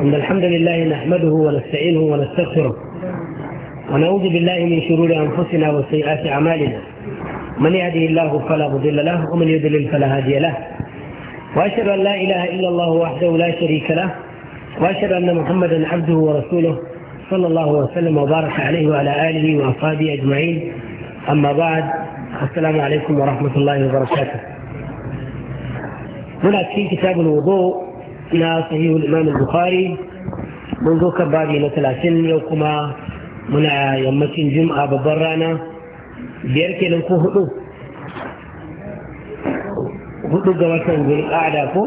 إن الحمد لله نحمده ونستعينه ونستغفره ونعوذ بالله من شرور أنفسنا وسيئات أعمالنا من يهده الله فلا مضل له ومن يضلل فلا هادي له وأشهد أن لا إله إلا الله وحده لا شريك له وأشهد أن محمدا عبده ورسوله صلى الله وسلم وبارك عليه وعلى آله وأصحابه أجمعين أما بعد السلام عليكم ورحمة الله وبركاته هنا في كتاب الوضوء na sahihul imam bukhari mun zo kan babi na talatin yau kuma muna yammacin jum'a babban rana biyar kenan ko hudu hudu ga watan zulqa'ada ko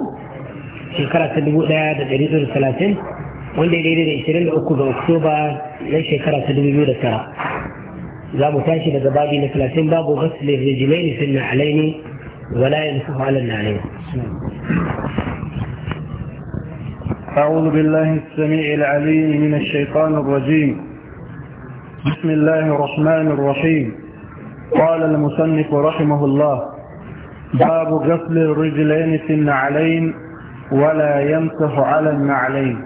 shekara ta dubu daya da dari da talatin wanda ya daidai da ishirin da uku ga oktoba na shekara ta dubu biyu da tara za mu tashi daga babi na talatin babu ghasilin rijilaini sunna alaini wala yanzu yansuhu ala nalaini أعوذ بالله السميع العليم من الشيطان الرجيم بسم الله الرحمن الرحيم قال المصنف رحمه الله باب غسل الرجلين في النعلين ولا يمسح على النعلين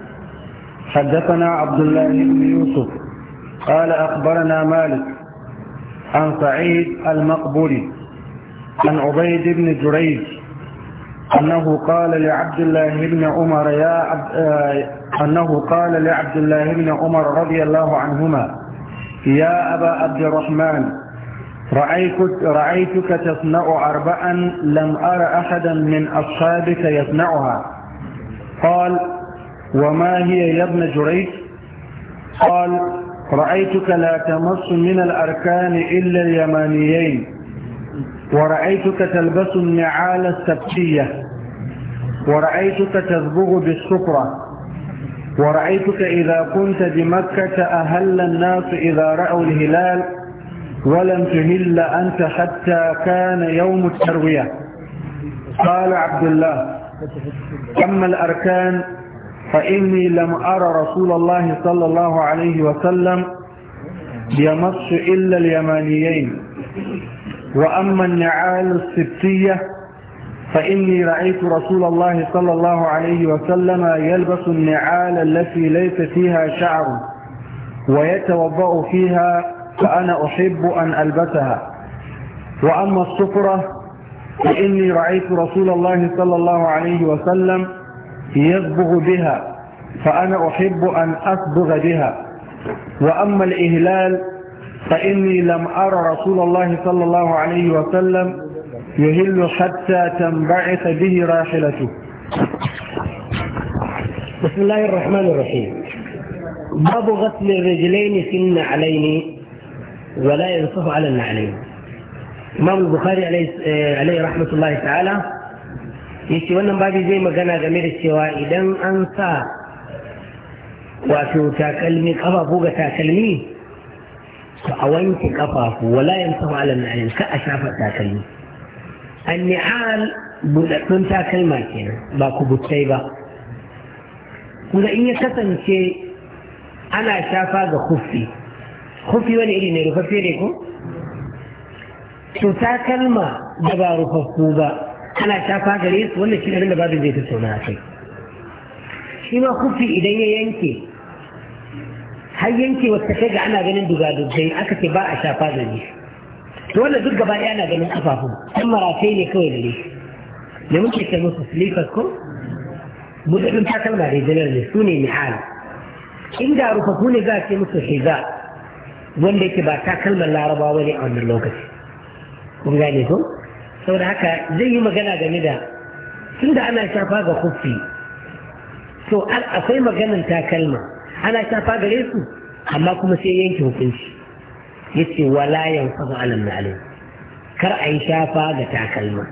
حدثنا عبد الله بن يوسف قال أخبرنا مالك عن سعيد المقبولي عن عبيد بن جريج أنه قال لعبد الله بن عمر يا عبد آه، أنه قال لعبد الله بن عمر رضي الله عنهما يا أبا عبد الرحمن رأيتك, رأيتك تصنع أربعا لم أر أحدا من أصحابك يصنعها قال وما هي يا ابن جريج قال رأيتك لا تمص من الأركان إلا اليمانيين ورأيتك تلبس النعال السبتية ورأيتك تزبغ بالشكرة ورأيتك إذا كنت بمكة أهل الناس إذا رأوا الهلال ولم تهل أنت حتى كان يوم التروية قال عبد الله أما الأركان فإني لم أرى رسول الله صلى الله عليه وسلم يمص إلا اليمانيين وأما النعال السبتية فإني رأيت رسول الله صلى الله عليه وسلم يلبس النعال التي ليس فيها شعر ويتوضأ فيها فأنا أحب أن ألبسها وأما الصفرة فإني رأيت رسول الله صلى الله عليه وسلم يصبغ بها فأنا أحب أن أصبغ بها وأما الإهلال فإني لم أرى رسول الله صلى الله عليه وسلم يهل حتى تنبعث به راحلته بسم الله الرحمن الرحيم باب غسل الرجلين في النعلين ولا ينصف على النعلين امام البخاري عليه آه، عليه رحمه الله تعالى يشتي wannan babi زي ما قال da cewa idan an sa wato takalmi kafafu ga takalmi to a wanke kafafu wala yansa ala nan ka annihal buɗaɗɗun takalma kenan ba ku buttai ba kuma in ya kasance ana shafa ga kufi kufi wani iri ne rufaffe ne ko to takalma da ba rufaffu ba ana shafa gare su wannan shi ne da babin zai tattauna a kai shi ma kufi idan ya yanke har yanke wata kai ga ana ganin dugadugai aka ce ba a shafa gare shi to wanda duk gaba ɗaya na ganin kafafun ɗan maratai ne kawai da gare da muke ta musu slippers ko buɗaɗɗun takalma da janar ne su ne mihal inda rufafu ne za a ce musu shiga wanda yake ba takalmar Laraba wani a wannan lokaci kun gane ko saboda haka zai yi magana game da tun da ana shafa ga kufi to akwai maganan takalma ana shafa gare su amma kuma sai yanke hukunci يتي ولا ينقض على المعلم عليه كرأي شافا قتع كلمة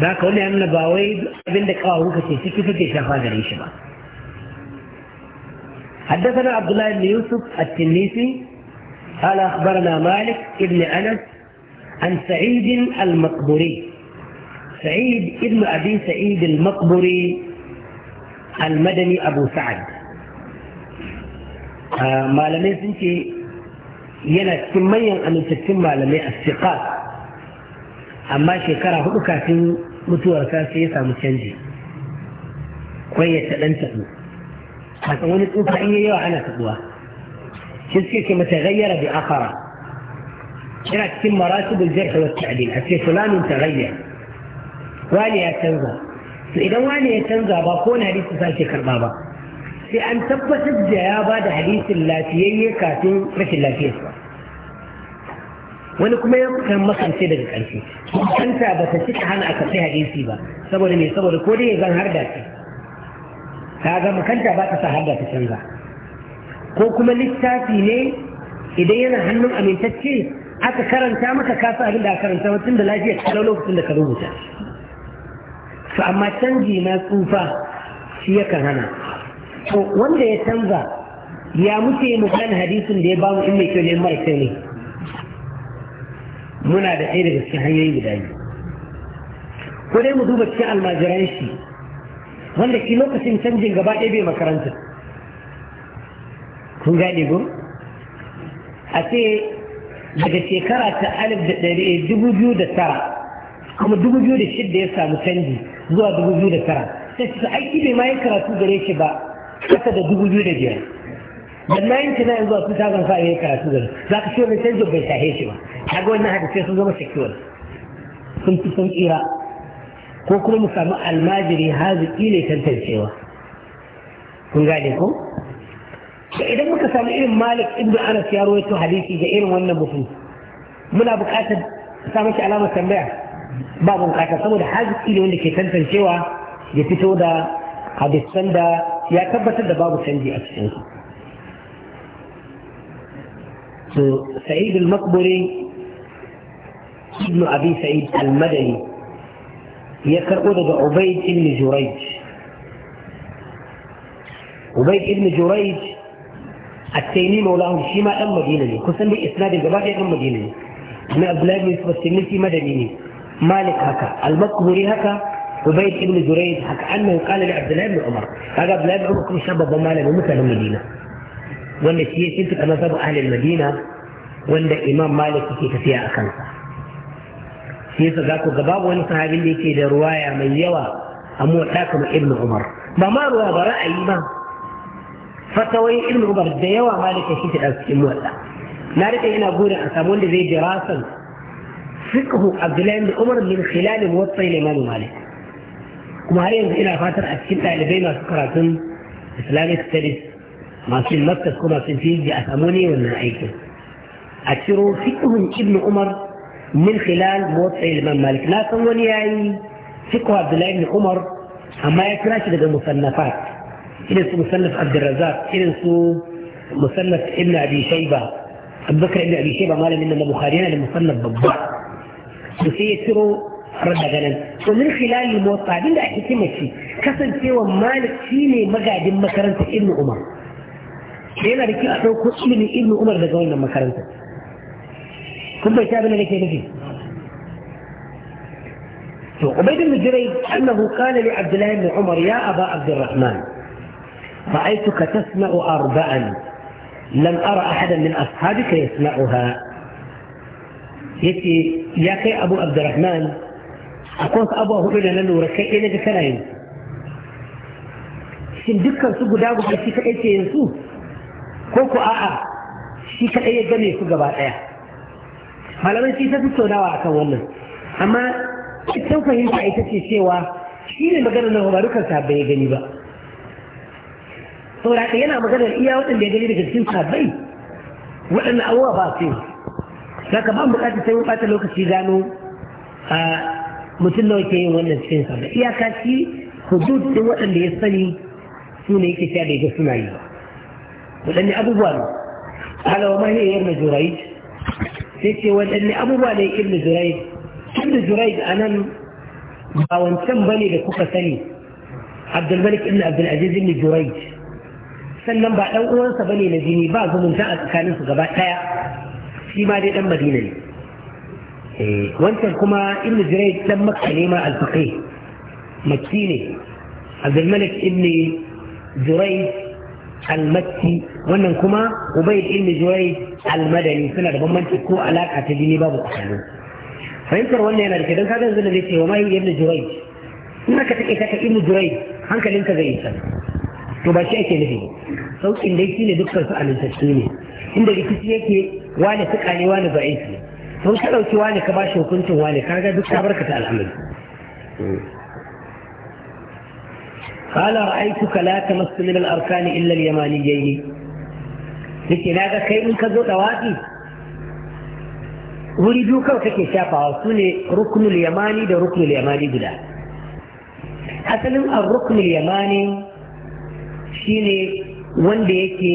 ذاك قول لي أمنا باوي بندك أهو كتي سكي فكي شافا قري حدثنا عبد الله بن يوسف التنيسي قال أخبرنا مالك ابن أنس عن سعيد المقبري سعيد ابن أبي سعيد المقبري المدني أبو سعد آه ما لم يزنك yana cikin manyan amintattun malamai a siqat amma shekara hudu kafin mutuwarsa sai ya samu canji kwai ta dan tabu kasan wani tsufa in yawa ana tabuwa shi suke ce mata gayyara bi akara yana cikin maratibul jarh wa ta'dil a ce fulanin gayya wani ya canza to idan wani ya canza ba ko na hadisi sake karba ba sai an tabbatar da ya ba da hadisin lafiyayye kafin rashin lafiyarsa wani kuma ya kan makance daga ƙarshe kanta ba ta cika hana aka sai hadisi ba saboda me saboda ko dai zan harda ce ta ga makanta ba ta sa harda ta canza ko kuma littafi ne idan yana hannun amintacce aka karanta maka kasa abin da aka karanta wa tun da lafiya ta lokacin da ka rubuta su amma canji na tsufa shi yakan hana to wanda ya canza ya muke mu hadisin da ya bamu in mai kyau ne mara kyau ne muna da ɗaya daga cikin hanyoyi guda biyu ko dai mu duba cikin almajiran shi wanda ke lokacin canjin gaba ɗaya bai makaranta kun gane go a ce daga shekara ta alif da ɗari dubu biyu da tara kuma dubu biyu da shidda ya samu canji zuwa dubu biyu da tara sai ce aiki bai ma yi karatu gare shi ba kasa da dubu biyu da biyar da ninety nine zuwa two thousand five ya karatu da za ka ciwo retention bai tahe shi ba kaga wannan hadisai sun zama secure sun fi sun tsira ko kuma mu samu almajiri hazi, ne tantancewa kun gane ko da idan muka samu irin malik ibn anas ya rawaito hadisi da irin wannan mutum muna buƙatar sa mashi alamar tambaya ba mu buƙatar saboda hazi, ne wanda ke tantancewa ya fito da hadisan da ya tabbatar da babu canji a cikinsu سعيد المقبري ابن أبي سعيد المدني يكرؤ دقى عبيد بن جريج عبيد بن جريج التيمي مولاه شيما أم مدينة كسن بإسناد الجبار أم مدينة أنا أبلاغ من فلسطين مدني مالك هكا المقبري هكا عبيد بن جريج هكا عنه قال لعبد الله بن عمر هذا عبد الله بن عمر كل شاب ضمانه ومثل المدينه wanda shi yake tuka kamar sabu ahalin madina wanda imam malik yake tafiya a kansa shi yasa za ku gaba wani sahabin da yake da ruwaya mai yawa a muwaɗa kamar ibn umar ba ma ruwa ba ra'ayi ba fatawayin ibn umar da yawa malik ya shi ta cikin muwaɗa na rike ina burin a samu wanda zai jirasan fiqhu abdullahi ibn umar min khilal muwatta imam malik kuma har yanzu ina fatar a cikin dalibai masu karatun islamic studies ماشي مكتب كما في الفيل بأثموني والنعيك أكثروا فكهم ابن عمر من خلال موضع الإمام مالك ناسم ونياي فكه عبد الله ابن عمر أما يكراش لدى المصنفات إنس مصنف عبد الرزاق إنس مصنف ابن أبي شيبة أبو بكر ابن أبي شيبة مالا من البخاري أنا المصنف بالضبط وسيكثروا رد غنم ومن خلال الموطع بين أحكي مكي كسر سوى مالك فيني مقعد في ابن عمر da yana da kyau a ɗauko ilimin ibn umar daga wannan makaranta kun bai ta abin da nake nufi to ubayd bin jurayj annahu qala li abdullah ibn umar ya aba abdurrahman رأيتك تسمع أربعا لم أرى أحدا من أصحابك يسمعها يتي يا كي أبو عبد الرحمن أكون أبو هؤلاء لأنه ركي إلى ذكرين shin dukkan su guda guda shi kaɗai ke yin su ko ku a'a shi kaɗai ya gane su gaba ɗaya malamai shi ta tattaunawa akan wannan amma ita fahimta ita ce cewa shi ne maganar na ba kan sahabbai ya gani ba saboda haka yana maganar iya waɗanda ya gani daga cikin sahabbai waɗanda abubuwa ba su za ka ba mu buƙatar sai mun ɓata lokaci gano a mutum nawa ke yin wannan cikin sahabbai iyaka shi hudud ɗin waɗanda ya sani su ne yake sha daidai suna yi ba ولأن أبو بالي قال وما هي ابن جريج سيتي ولأن أبو بالي ابن جريج ابن زريج أنا قاوم كم بني لكوكا ثاني عبد الملك ابن عبد العزيز ابن جريج سلم بعد أو أنسى بني لديني بعض من جاء كان انسى غباء تايا في مالي لما دينني إيه. وانت كما ابن جريج تمك كلمة الفقيه مكيني عبد الملك ابن جريج المكي wannan kuma ubayd ibn juwayy al-madani suna da bambanci ko alaka ta jini babu tsakanin fahimtar wannan yana da don kaga yanzu da zai ce wa mahi ibn juwayy in aka take ta ibn juwayy hankalinka zai isa to ba shi ake nufi saukin dai shine dukkan su amintattu ne inda rikici yake wani suka ne wani ba'ifi sun ka dauki wani ka bashi hukuncin wani kaga duk ta barkata al'amari قال رأيتك لا تمس من الأركان إلا اليمانيين yake na ga kai in ka zo dawaki wuri biyu kawai kake shafawa su ne rukunul yamani da rukunul yamani guda asalin a rukunul yamani shine wanda yake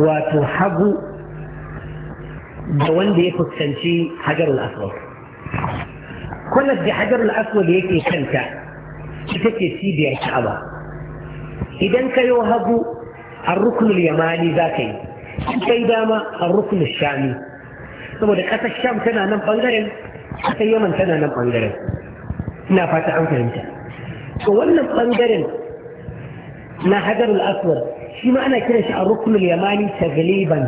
wato hagu da wanda ya fuskanci hajarul aswad kullar da hajarul aswad yake kanta ita ce cibiyar ka'aba idan ka yi hagu a rukunul yamani za ka yi in ka yi dama a rukunul shami saboda ƙasar sham tana nan ɓangaren ƙasar yaman tana nan ɓangaren ina fata an fahimta to wannan ɓangaren na hajarul aswar shi ma ana kiran shi a rukunul yamani tagliban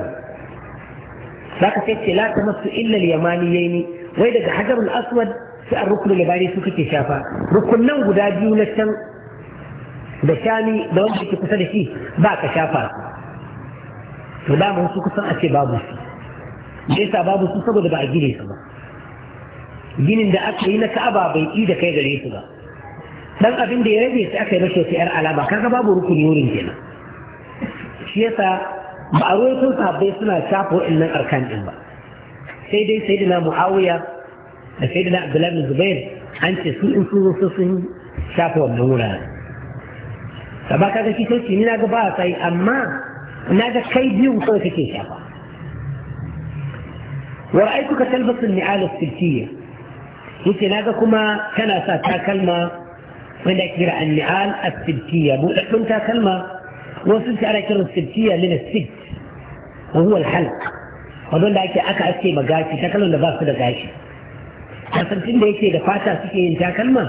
za ka sai ce la ta masu illal yamani yayi wai daga hajarul aswad su a rukunin bari su kake shafa rukunan guda biyu na can da shani da wanda ke kusa da shi ba ka shafa to dama su kusan a ce babu su me yasa babu su saboda ba a gine su ba ginin da aka yi na ka'aba bai yi da kai gare su ba dan abin da ya rage su aka yi mashi wata alama kaga babu rukuni wurin kenan shi yasa ba a ruwaito sahabbai suna shafa wa'annan arkan din ba sai dai sai sayyidina muawiya سيدنا عبد الله بن الزبير في تسيء صوصهم شافوا النمولة فما كان في سيدنا من أقباء أي أما هذا كي بيو صوتك كي شافا ورأيتك تلبس النعال السلكية يمكن هذا كما كان أساسا كلمة من أكبر النعال السلكية بوحكم كلمة وصلت على كل السلكية من السلس وهو الحلق وظن ذلك أكا أسكي مقاشي تكلم لباس كده قاشي cin da yake da fata suke yin takalma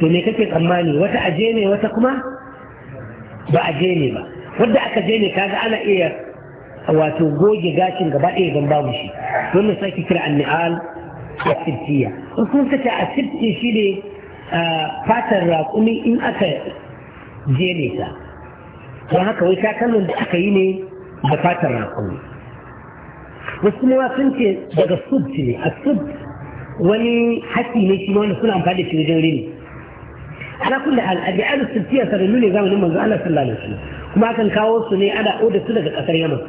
to me kake tsammani wata aje ne wata kuma ba aje ne ba wadda aka je ne kaga ana iya wato goge gashin gaba ɗaya don babu shi na sake kira anni'al sirtiya in kun kace sirti shi ne fatar raƙumi in aka je ne ta don haka wai takalmin da aka yi ne da fatar raƙumi wasu ma sun ce daga sub ne a sub wani haƙƙi ne shi wanda suna amfani da shi wajen rini ana kulle hal ajalu sulfiya sanannu ne zamanin manzo Allah sallallahu alaihi wasallam kuma akan kawo su ne ana oda su daga kasar Yaman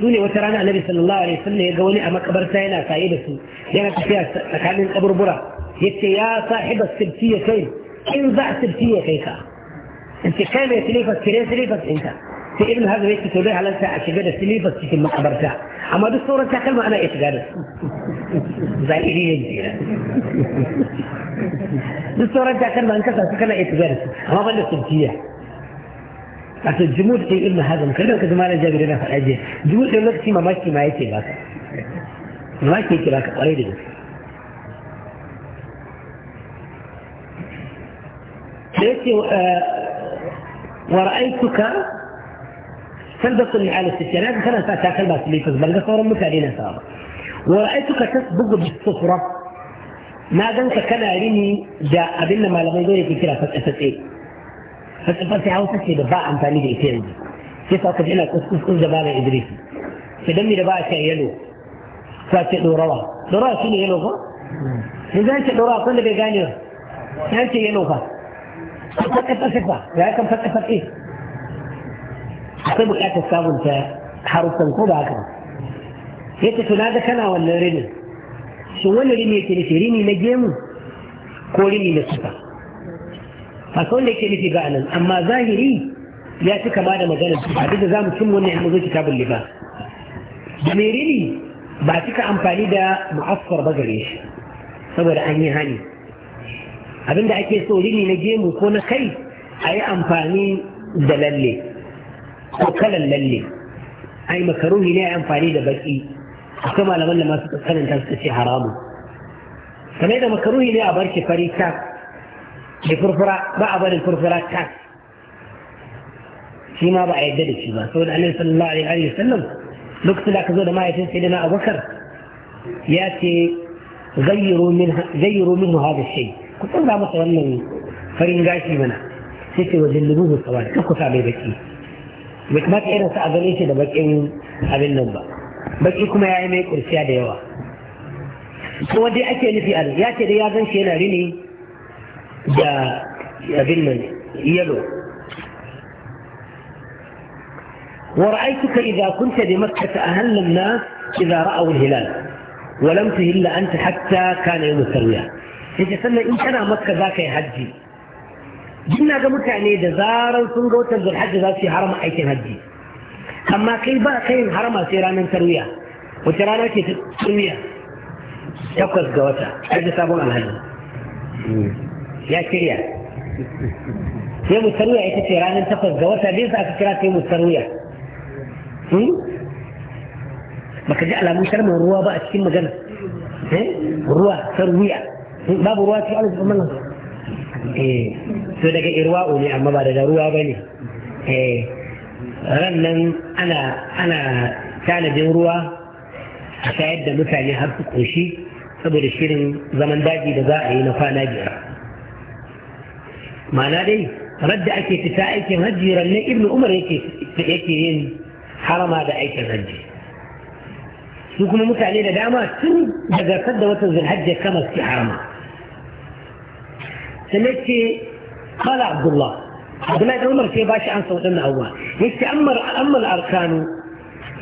su ne wata rana Annabi sallallahu alaihi wasallam ya ga wani a makabarta yana saye da su yana tafiya tsakanin kaburbura yace ya sahiba sulfiya kai in za sulfiya kai ka in ce kai mai silifas kire silifas ɗinka في ابن هذا ليس تولي على انت اشجد السليب بس في المقبرتا اما دو الصورة تاكل معنا اتقال زي ايه ينزي دو الصورة تاكل معنا انت تاكل اتقال اما بل السبتية اتو الجمود في ابن هذا مكلمة كذو ما لنجا بدنا في الاجه جمود في الوقت ما ماشي ما يتي باك ما يتي آه، ورأيتك تلبس على الستينات مثلا ساعتها تلبس سليبس بلغة صورة مثالين سابقا ورأيتك تسبق بالصفرة ما دنك كان عليني جاء أبنى ما لم يدري في كلا فتأسس إيه فتأسس عاوز تسي بباع أم تاني دي إتين كيف أقول لك أسكس كل زبالة إدريسي فدمي لباع شيء يلو فاتي دوروا دوروا شنو يلو فا لذلك دوروا كل بيجانيو يعني يلو فا فتأسس إيه. فا لا كم فتأسس إيه akwai bukatar sabunta haruffan ko ba haka ya ce tuna ga kana wannan rinin shin wani rini yake nufi rini na gemu ko rini na sufa a kawai da yake nufi ba nan, amma zahiri ya ci kama da maganar su duk da za mu cin wannan yan zuci kitabun liba da mai rini ba a cika amfani da mu'affar ba gare shi saboda an yi hani abinda ake so rini na gemu ko na kai a yi amfani da lalle ko kalan lalle ai makaruni ne amfani da baki akwai malaman da masu karanta suka ce haramu kamar da makaruni ne a bar shi fari ta da furfura ba a barin furfura ta shi ma ba a yadda da shi ba saboda Allah sallallahu alaihi wa sallam lokacin da aka zo da mahaifin sai da na abakar ya ce zayyiru minhu hada shay ku tsanga masa wannan farin gashi mana sai ce wajen lubuhu sawar ku sa mai baki bai irin sa a gare shi da bakin abin nan ba baki kuma ya yi mai kurciya da yawa kuma dai ake nufi a ya ce dai ya gan shi yana rini da abin nan yalo ورأيتك إذا كنت بمكة أهل الناس إذا رأوا الهلال ولم تهل أنت حتى كان يوم التروية يجي سنة إن كان مكة ذاك يهجي jina ga mutane da zarar sun ga watan zulhajji za su yi harama aikin hajji amma kai ba ka yin harama sai ranar tarwiya wace rana ce tarwiya takwas ga wata har da sabon alhaji ya shirya sai mu tarwiya ita ce ranar takwas ga wata bai sa aka kira sai mu tarwiya hmm? baka ji alamun sharman ruwa ba a cikin magana eh? ruwa tarwiya babu ruwa cikin alamun sharman eh so daga irwa'u ne amma ba da ruwa ba ne eh, ran nan ana ana tanadin ruwa a shayar da mutane har su koshi saboda shirin zaman daji da za a yi na kwana biyar ma'ana dai radda ake fita aikin hajji rannan Ibn umar yake yin harama da aikin hajji su kuma mutane da dama tun daga da watan zulhajji kama su harama سميتي قال عبد الله عبد الله بن عمر في باشا عن صوتنا اول قلت اما اما الاركان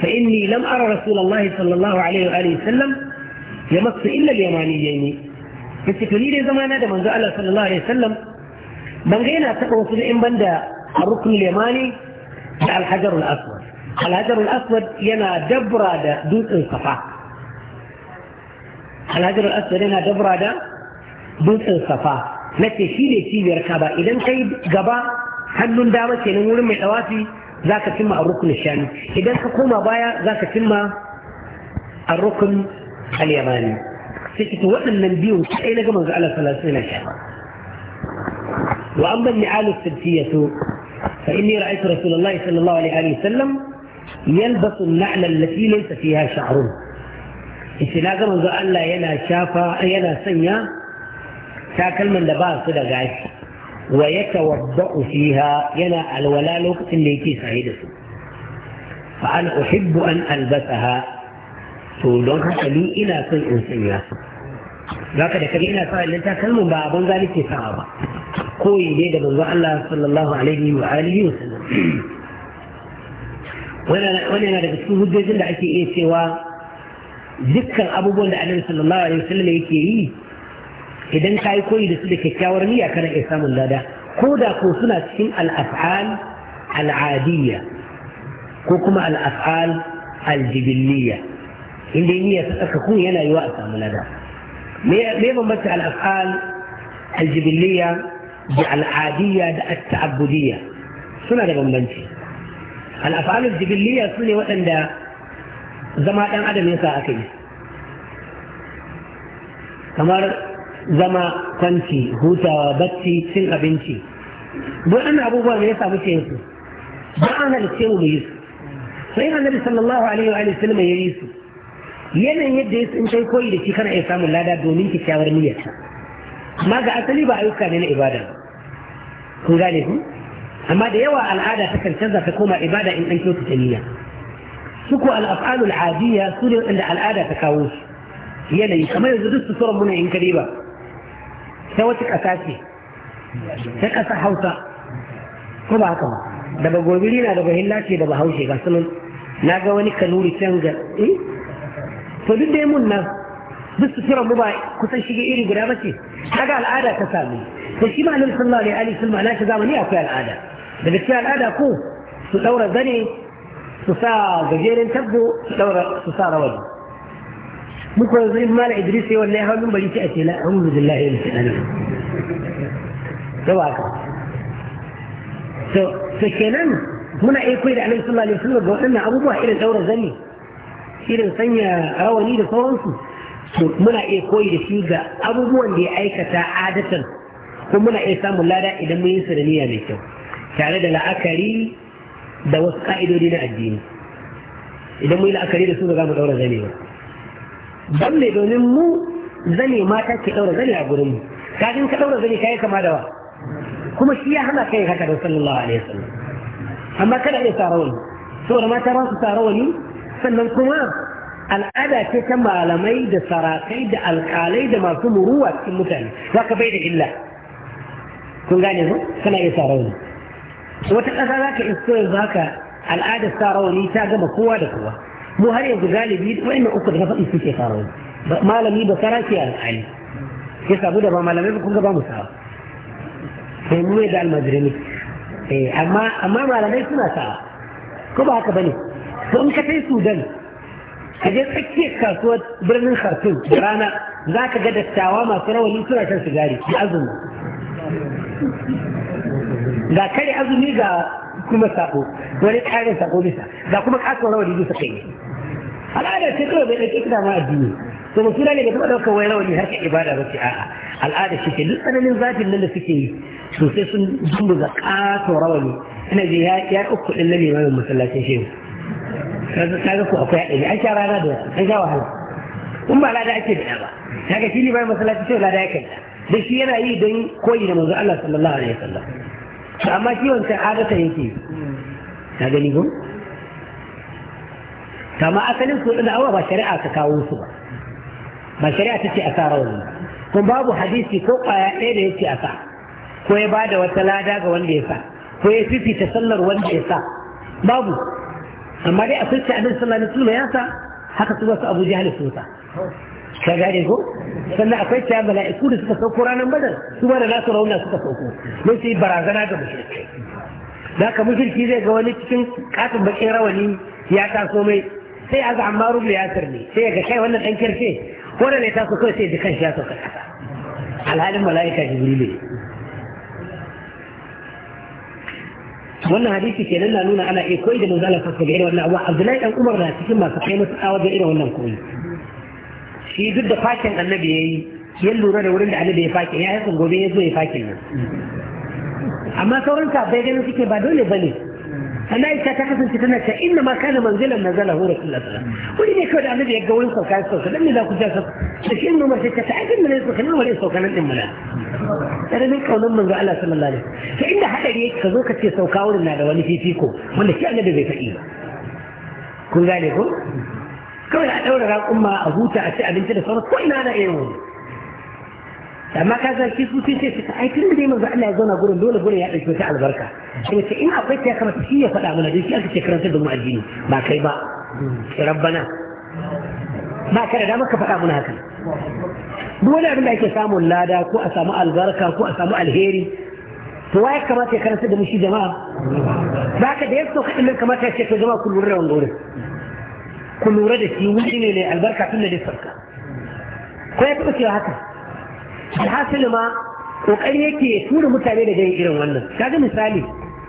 فاني لم ارى رسول الله صلى الله عليه واله وسلم يمص الا اليمانيين مش تقولي لي زمان هذا من الله صلى الله عليه وسلم بنغينا تقوى في الام بندى الركن اليماني على الحجر الاسود الحجر الاسود ينا دبرا دا دوت الصفا الحجر الاسود ينا دبرا دا دوت الصفا na ce shi ne cibiyar kaba idan kai gaba hannun dama kenan wurin mai dawafi za ka cimma a rukunin shanu idan ka koma baya za ka cimma a rukun al-yamani sai ita waɗannan biyun kai na gama ga Allah sallallahu alaihi wasallam wa amma ni'alu sabtiyatu fa inni ra'aytu rasulullahi sallallahu alaihi wasallam يلبس النعل التي ليس فيها شعر إذا لا قمز ألا ينا شافا ينا سنيا takalman da ba su da gashi wa ya tawadda'u fiha yana alwala lokacin da yake saye da su fa ana uhibbu an albasaha to don haka ni ina son in sanya su zaka da kaga ina sa wannan takalman ba abun zali ke sawa ba koyi ne da manzon Allah sallallahu alaihi wa alihi wa sallam wannan yana daga cikin hujjojin da ake iya cewa dukkan abubuwan da annabi sallallahu alaihi wa sallam yake yi idan ka yi koyi da su da kyakkyawar niyya kana iya samun lada ko da ko suna cikin al'af'al al'adiyya ko kuma al'af'al aljibilliya inda niyya ta tsaka kun yana yiwa a samu lada me bambanta al'af'al aljibilliya da al'adiyya da at ta'abbudiyya suna da bambanci al'af'al aljibilliya su ne waɗanda zama ɗan adam yasa aka yi kamar zama kwanci hutawa bacci cin abinci duk an abubuwa ne ya samu ce Don ba an halitta mu yi su sai annabi sallallahu alaihi wa sallam ya yi su yanayin yadda ya sun kai koyi da shi kana iya samun lada domin kyakkyawar niyyarsa amma ga asali ba ayyuka ne na ibada kun gane ku amma da yawa al'ada ta kan canza ta koma ibada in an ta niyya su ko al'af'alul adiyya su ne wanda al'ada ta kawo su yanayi kamar yanzu duk su suran muna in kare ba ta wata ƙasa ce ta ƙasa hausa ko ba haka ba da gobiri na da ba hilla ce da ba haushe ga sunan na ga wani kanuri can ga eh? to duk dai mun nan duk su suturan mu ba kusan shige iri guda ba ce daga al'ada ta sami to shi ma'anar sallallahu alaihi wasallam na shi zamani akwai al'ada daga cikin al'ada ko su daura zane su sa gajeren tabbo su daura su sa rawani muku yanzu in mala idris sai wallahi hannun bari ce a ce la a'udhu billahi min shaitani to ba ka to to kenan muna iya koyi da annabi sallallahu alaihi wasallam ga wannan abubuwa irin daura zani irin sanya rawani da sauransu to muna iya koyi da shi ga abubuwan da ya aikata adatan ko muna iya samun lada idan mun yi su da niyya mai kyau tare da la'akari da wasu ka'idodi na addini idan mun yi la'akari da su ba za mu daura zane ba don me domin mu zane mata ke daura zane a gurin mu kafin ka daura zane kayi kama da wa kuma shi ya hana kai haka da sallallahu alaihi wasallam amma kada ne sarawani saboda mata ba su sarawani sannan kuma al'ada ce ta malamai da sarakai da alkalai da masu muruwa cikin mutane za ka bai da illa kun gane ku kana iya sarawani wata ƙasa za ka iso yanzu haka al'adar sa ta gama kowa da kowa mu har yanzu galibi wannan uku da na faɗi suke faruwa malami ba kara ke alƙali ya sabu da ba malamai ba kun ga ba mu sawa sai mu da almajirini eh, amma amma malamai suna sawa ko ba haka bane to in ka kai sudan ka je tsakiyar kasuwar birnin khartoum da rana za ka ga dattawa masu rawani suna shan sigari da azumi ga kare azumi ga kuma sako wani ƙarin sako bisa ga kuma kasuwar rawani bisa kai al'ada ce kawai bai ɗauke kira ma addini to ba suna ne ga taɓa ɗaukar wai rawani har ibada ba ce a'a al'ada ce ke duk tsananin zafin nan da suke yi sosai sun dumbuza ƙato rawani ina ji ya uku ɗin lami mai masallacin shehu ga ko akwai haɗari an sha rana da an sha wahala kun ba al'ada ake da ba ga shi ne bayan masallacin shehu lada ya kai da shi yana yi don koyi da manzo Allah sallallahu alaihi wasallam to amma shi wancan adata yake ka gani ko kama asalin su da awa ba shari'a ka kawo su ba ba shari'a ta ce a sa rawani kuma babu hadisi ko kwaya ɗaya da ya ce a sa ko ya bada wata lada ga wanda ya sa ko ya ta sallar wanda ya sa babu amma dai a sulci annabi sallar da wasallam ya sa haka su wasu Abu hali sun sa ka gane ko sannan akwai ta mala'iku da suka sauko ranar badar su ba da nasu rauna suka sauko don su yi barazana ga mushrikai da haka mushriki zai ga wani cikin katin bakin rawani ya taso mai sai a ga amma rubu ya ne sai ga kai wannan ɗan kirfe wannan ne su kai sai jikan shi ya sauka alhalin mala'ika jibril ne wannan hadisi kenan na nuna ana iya koyi da manzo Allah sallallahu alaihi wannan abu Abdullahi dan Umar na cikin masu kai masu tsawa da irin wannan koyi shi duk da fakin annabi yayi ya lura da wurin da annabi ya fakin ya yi gobe ya zo ya fakin nan amma sauran bai ganin suke ba dole bane malaika ta kasance tana ta inna ma kana manzilan nazala hu rasulullah sallallahu alaihi wasallam wani ne kawai da annabi ya ga wurin sauka ya sauka dan ne za ku ja sauka da shi inna marta ta ajin ne sauka nan wani sauka nan din mala tare min kaunan manzo Allah sallallahu alaihi wasallam ta inda hadari yake ka zo ka ce sauka wurin na da wani fifiko wanda shi annabi bai faɗi ba kun gane ko kawai a daura raƙumma a huta a ci abinci da sauran ko ina na iya wani amma ka ga shi su sai su ai tun da manzo Allah ya zauna gurin dole gurin ya dauki wata albarka sai ce in akwai ta kamar shi ya faɗa mana dai shi aka ce karanta da mu addini ba kai ba rabbana ba ka da damar ka faɗa mana haka duk wani abin da ake samun lada ko a samu albarka ko a samu alheri to waye kamata ya karanta da mu shi jama'a ba ka da yaso kaɗin nan kamata ya ce to zama ku lura da wani gurin ku lura da shi wuri ne ne albarka tun da dai sarka ko ya taɓa cewa haka alhasil ma kokari yake ya tura mutane da jan irin wannan kaga misali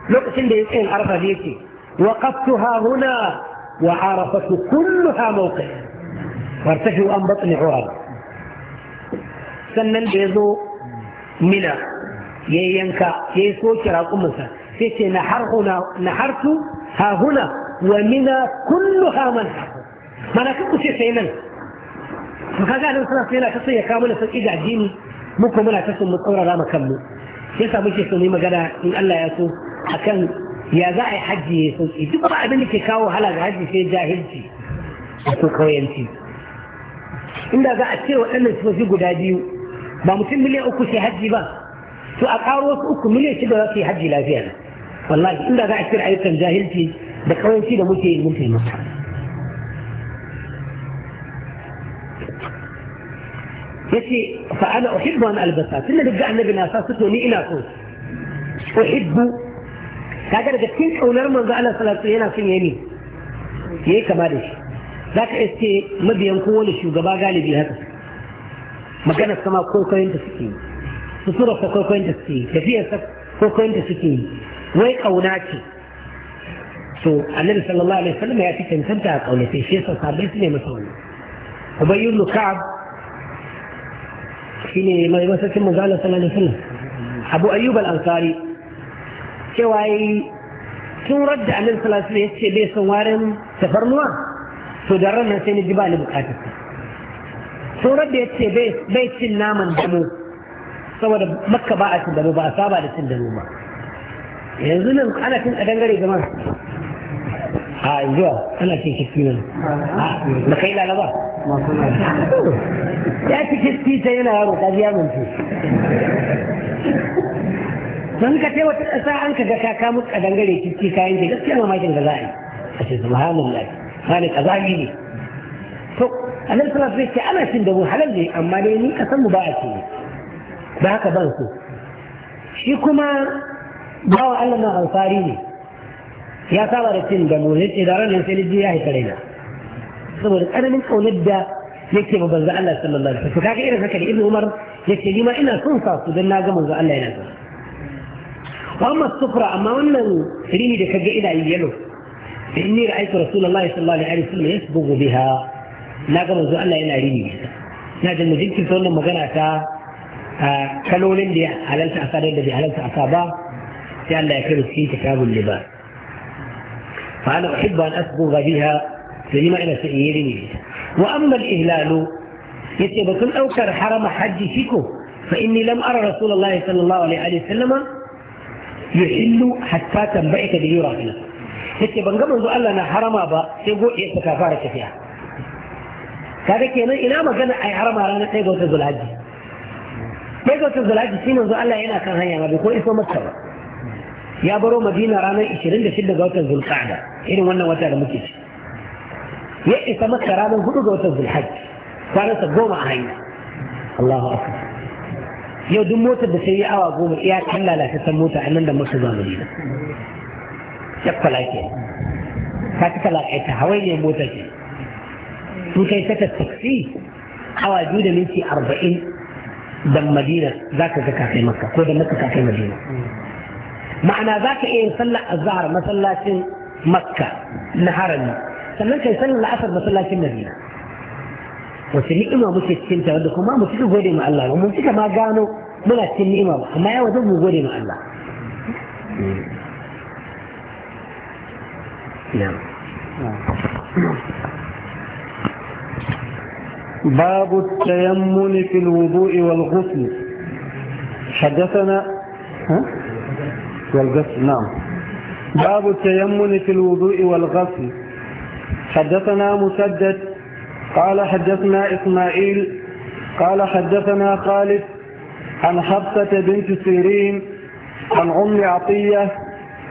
lokacin da ya tsayin arfa da yake waqaftuha huna wa arafatu ha mawqi wartahu an batni urab sannan da yazo mina yayi yanka yayi soki raƙumansa sai ce na harhuna na hartu ha huna wa mina kulluha man mana kuku ce sai nan to kaga nan suna sai na kasa ya kawo mana sauki ga addini mu ko muna ta son mu tsaurara ma kanmu sai sa muke so mu magana in Allah ya so akan ya za a yi hajji ya sauki duk ba abin da ke kawo wahala ga hajji sai jahilci a ko kauyanci inda za a ce waɗannan sifofi guda biyu ba mutum miliyan uku sai hajji ba to a ƙaro wasu uku miliyan shida za su yi hajji lafiya wallahi inda za a cire ayyukan jahilci da kauyanci da muke yi mun taimaka yace fa ana uhibbu an albasa tunda duk annabi na sa su to ni ina so uhibbu kaga daga cikin kaunar manzo Allah sallallahu alaihi yana son yayi yayi kama da shi zaka iske mabiyan wani shugaba galibi haka magana sama kwaikwayon da suke suturar sa kwaikwayon da suke tafiyar sa kwaikwayon da suke wai kauna ce to annabi sallallahu alaihi wasallam ya fi cancanta a kaunace shi yasa sabai su ne masa wannan ubayyun ka'ab ne mai masarkin manzala sallallahu alaihi wasallam abu ayyub al-ansari cewa yi tun radda annabi sallallahu alaihi wasallam yace bai san warin tafarnuwa to da ran sai ni ji ba ni bukatar tun radda yace bai bai cin naman damu saboda makka ba a cin damu ba a saba da cin damu ba yanzu nan ana cin kadangare gama a zuwa ana cin kiski ne ba kai lalaba ya ci kiski ta yana yaro ta biya mun don ka ce wata ƙasa an ka ga kaka mutu a dangare kiski kayan ce gaskiya mamakin da za a yi a ce subhanallah malik azami ne to annabi sallallahu alaihi wasallam ana cin da mu halal ne amma dai ni kasan mu ba a ce ba haka ban so shi kuma bawa Allah na alfari ne يا ترى تندم قبول إدارة الناس اللي هي ياهي كلينا أنا من قول إبدا يكتب بزا الله صلى الله عليه وسلم فكاك إيرا فكري ابن عمر يكتب بما إنا سنصا سبنا قمو زا الله إلا وأما السفرة أما أن تريني دي كجي إلا يلو فإني رأيت رسول الله صلى الله عليه وسلم يسبغ بها لا قمو زا الله إلا ريني نادى المجد في سنة مغنى تا كلولين دي حلالت أصابين دي حلالت أصابا يا الله يكرس كي تكاب اللباس فأنا أحب أن أسبغ بها فيما إلى سئيرني وأما الإهلال يتبقى أوكر حرم حج فيكو فإني لم أرى رسول الله صلى الله عليه وسلم يحل حتى تنبئك بيورا هنا يتبقى من ذو ألنا حرم أبا سيقو يتكافار إيه كفيها كذا كينا إلا ما كان أي حرم أرانا تيقو تزول حج تيقو تزول حج سينا أن ألا كان هيا ما بيقول إسمه مكتبه ya baro madina ranar 26 ga watan zulqa'da irin wannan wata da muke ci ya isa maka ranar 4 ga watan zulhajj ranar goma a hanya Allahu akbar yau duk motar da sai yi awa goma iya ta lalatattun mota a nan da masu zuwa madina ya kwala ke ka ci kalakaita hawai ne motar ke sun kai saka taksi awa biyu da minti arba'in da madina za ka ga kafin maka ko da maka kafin madina ma'ana za ka iya yin sallar azhar masallacin makka na harami sannan kai sallar la'asar masallacin madina wace ni'ima muke cikin ta wadda kuma mu cika gode ma Allah mun cika ma gano muna cikin ni'ima ba amma yawa zan mu gode ma Allah باب التيمم في الوضوء والغسل حدثنا ها؟ والغسل نعم باب التيمم في الوضوء والغسل حدثنا مسدد قال حدثنا إسماعيل قال حدثنا خالد عن حفصة بنت سيرين عن أم عطية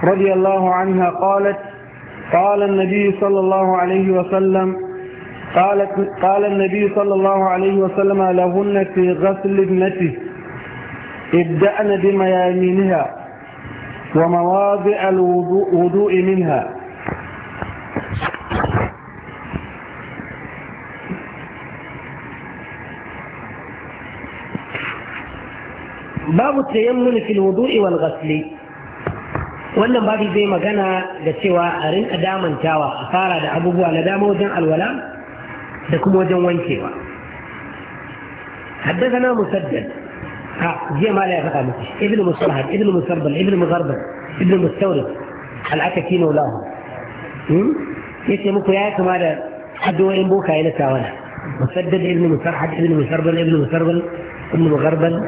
رضي الله عنها قالت قال النبي صلى الله عليه وسلم قالت قال النبي صلى الله عليه وسلم لهن في غسل ابنته ابدأن بميامينها ومواضع الوضوء منها babu tayammul fil wudu'i wal ghasli wannan babu zai magana da cewa a rinka damantawa a fara da abubuwa na dama wajen alwala da kuma wajen wankewa حدثنا مسدد ها جي ما لا يفقه ابن مصرهد ابن مصربل ابن مغربل ابن مستورد العكاكي مولاه يتي مكو يا كما دا حد وين بوكا الى تاولا مسدد ابن مسرحد ابن مصربل ابن مصربل ابن مغربل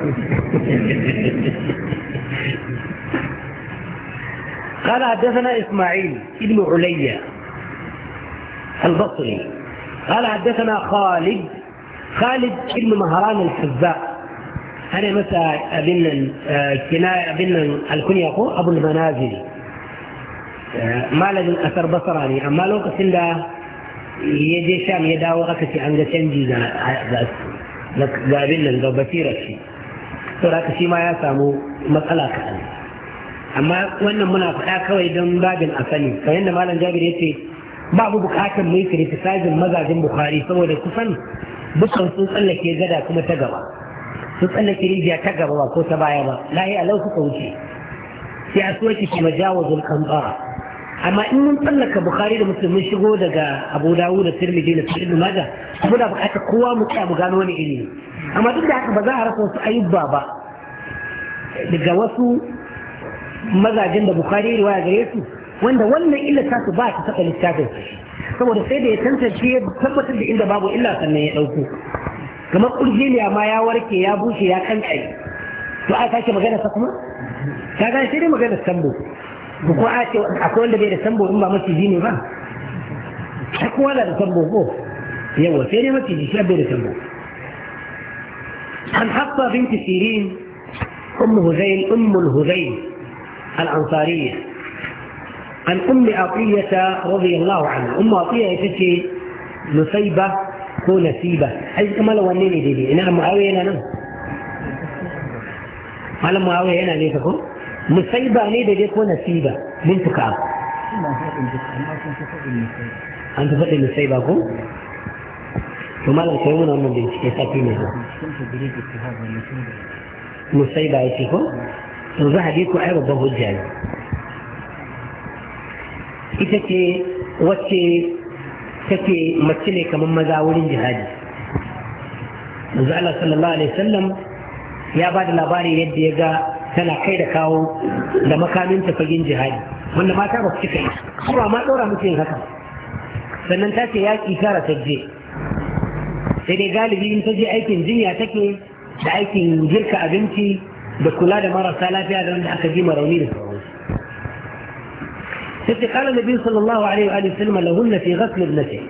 قال حدثنا اسماعيل ابن عليا البصري قال حدثنا خالد خالد ابن مهران الحذاء أنا مثلا أبن آه، كنا أبن الكل يقول أبو المنازل آه، ما لدي أثر بصراني أما لو كسلا يجي شام يداو غكتي عند تنجي ذا أبن ذا بثيرة شي تراك شي ما يسامو مسألة كأني أما وأن منافع كوي دم باب أثني فإن ما لن جابر يتي بعض بكاتا ميكري في سايز المزاجم بخاري سوى لكفن بصر سوى لكي زادا كما تقوى su tsallake rijiya ta gaba ba ko ta baya ba lahi lau suka wuce sai a suwar ki majawazul kambara amma in mun tsallaka bukari da musulmin shigo daga abu dawu da tirmidhi da da maja muna bukata kowa mu tsaya mu gano wani ilimi amma duk da haka ba za a rasa wasu ayyuba ba daga wasu mazajen da bukari riwaya gare su wanda wannan illa ta su ba ta taɓa littafin saboda sai da ya tantance ya tabbatar da inda babu illa sannan ya ɗauko kamar kurjeliya ma ya warke ya bushe ya kankare to a sake magana sa kuma ka gane sai dai magana sambo ko ko a ce akwai wanda bai da sambo in ba maciji ne ba ai kowa da sambo ko yawa sai dai maciji shi bai da sambo عن حفصة بنت سيرين أم هذيل أم الهذيل الأنصارية عن أم عطية رضي الله عنها أم عطية تتي نسيبة ko nasiba ai kamala wanne ne dai ina muawiya yana nan malam muawiya yana ne ko musaiba ne daidai ko nasiba bintu tuka an ta faɗin musaiba ko to malam kai muna wannan bincike safi ne musaiba yake ko to za a ko ai babban hujja ne ita ce wacce take mace ne kamar maza wurin jihadi yanzu Allah sallallahu alaihi wasallam ya ba da labari yadda ya ga tana kai da kawo da makamin fagen jihadi wanda mata ba su cika yi kuma ma ɗora muke yin haka sannan ta ce yaƙi kara ta je sai dai galibi in ta je aikin jinya take da aikin girka abinci da kula da marasa lafiya da wanda aka ji marauni da ستي قال النبي صلى الله عليه وآله وسلم لهن في غسل ابنته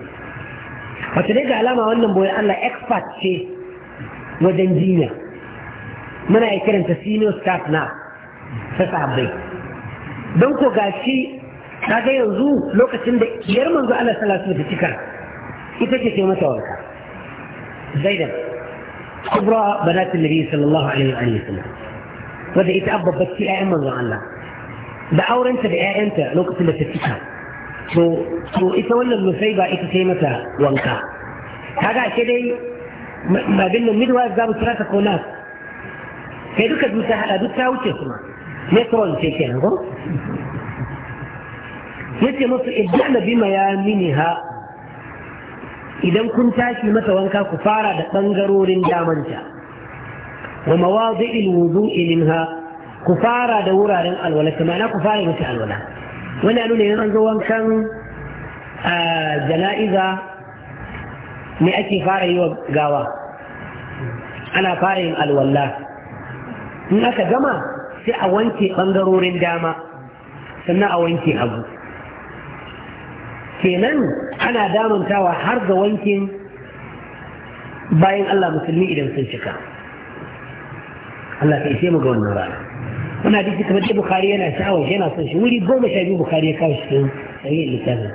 وتريد علامة وانا بوي الله اكفت شيء ودنجينة منا اكرم تسيني وستاتنا فتعبي دوكو قال شيء هذا ينزو لوكا تند يرمان قال الله صلى الله عليه وسلم يتكي في متوركا زيدا كبرى بنات النبي صلى الله عليه وآله وسلم وذا يتعبب بس في اعمان قال الله da aurenta da 'ya'yanta lokacin da ta ka, to ita wannan ba ita sai mata wanka kaga ake dai abin nan midwife za mu kira ta ko nas sai duka duk ta hada duk ta wuce su ma ne kawai ce kenan ko yace musu idan ya ya ha? idan kun tashi mata wanka ku fara da bangarorin damanta wa mawadi'il wudu'i minha ku fara da wuraren alwala ta ma'ana ku fara musu alwala wani nuna yanzu an zo wankan jana'iza ne ake fara yi wa gawa ana fara yin alwala in aka gama sai a wanke ɓangarorin dama sannan a wanke abu. kenan ana damantawa har ga wankin bayan Allah musulmi idan sun cika Allah ka ishe mu ga wannan rana أنا ديت كمان بخاري أنا سأو جينا صن شو ولي بوم شايف بخاري كاوش كم أي اللي كذا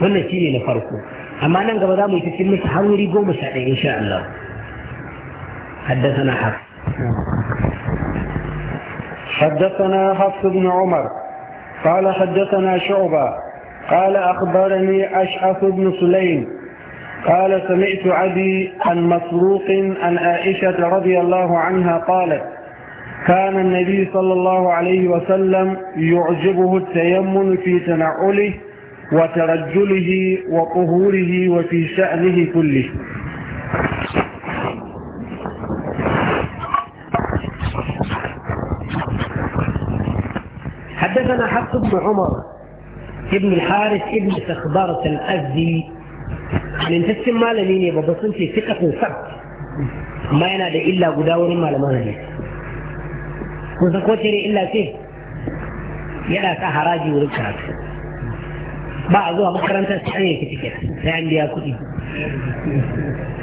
من الشيء اللي فرقه أما أنا قبل دام يتكلم تحولي بوم شايف إن شاء الله حدثنا حق حدثنا حفص بن عمر قال حدثنا شعبة قال أخبرني أشعث بن سليم قال سمعت عدي عن مسروق عن عائشة رضي الله عنها قالت كان النبي صلى الله عليه وسلم يعجبه التيمم في تنعله وترجله وطهوره وفي شأنه كله حدثنا حق بن عمر ابن الحارث ابن سخبارة الأزدي عن انت مالمين لين بابا سنتي ثقة ثبت ما ينادى إلا قداور ما هذه kun san ko ce illa ce yana sa haraji wurin karatu ba a zuwa makarantar su an yanki tiket sai an biya kuɗi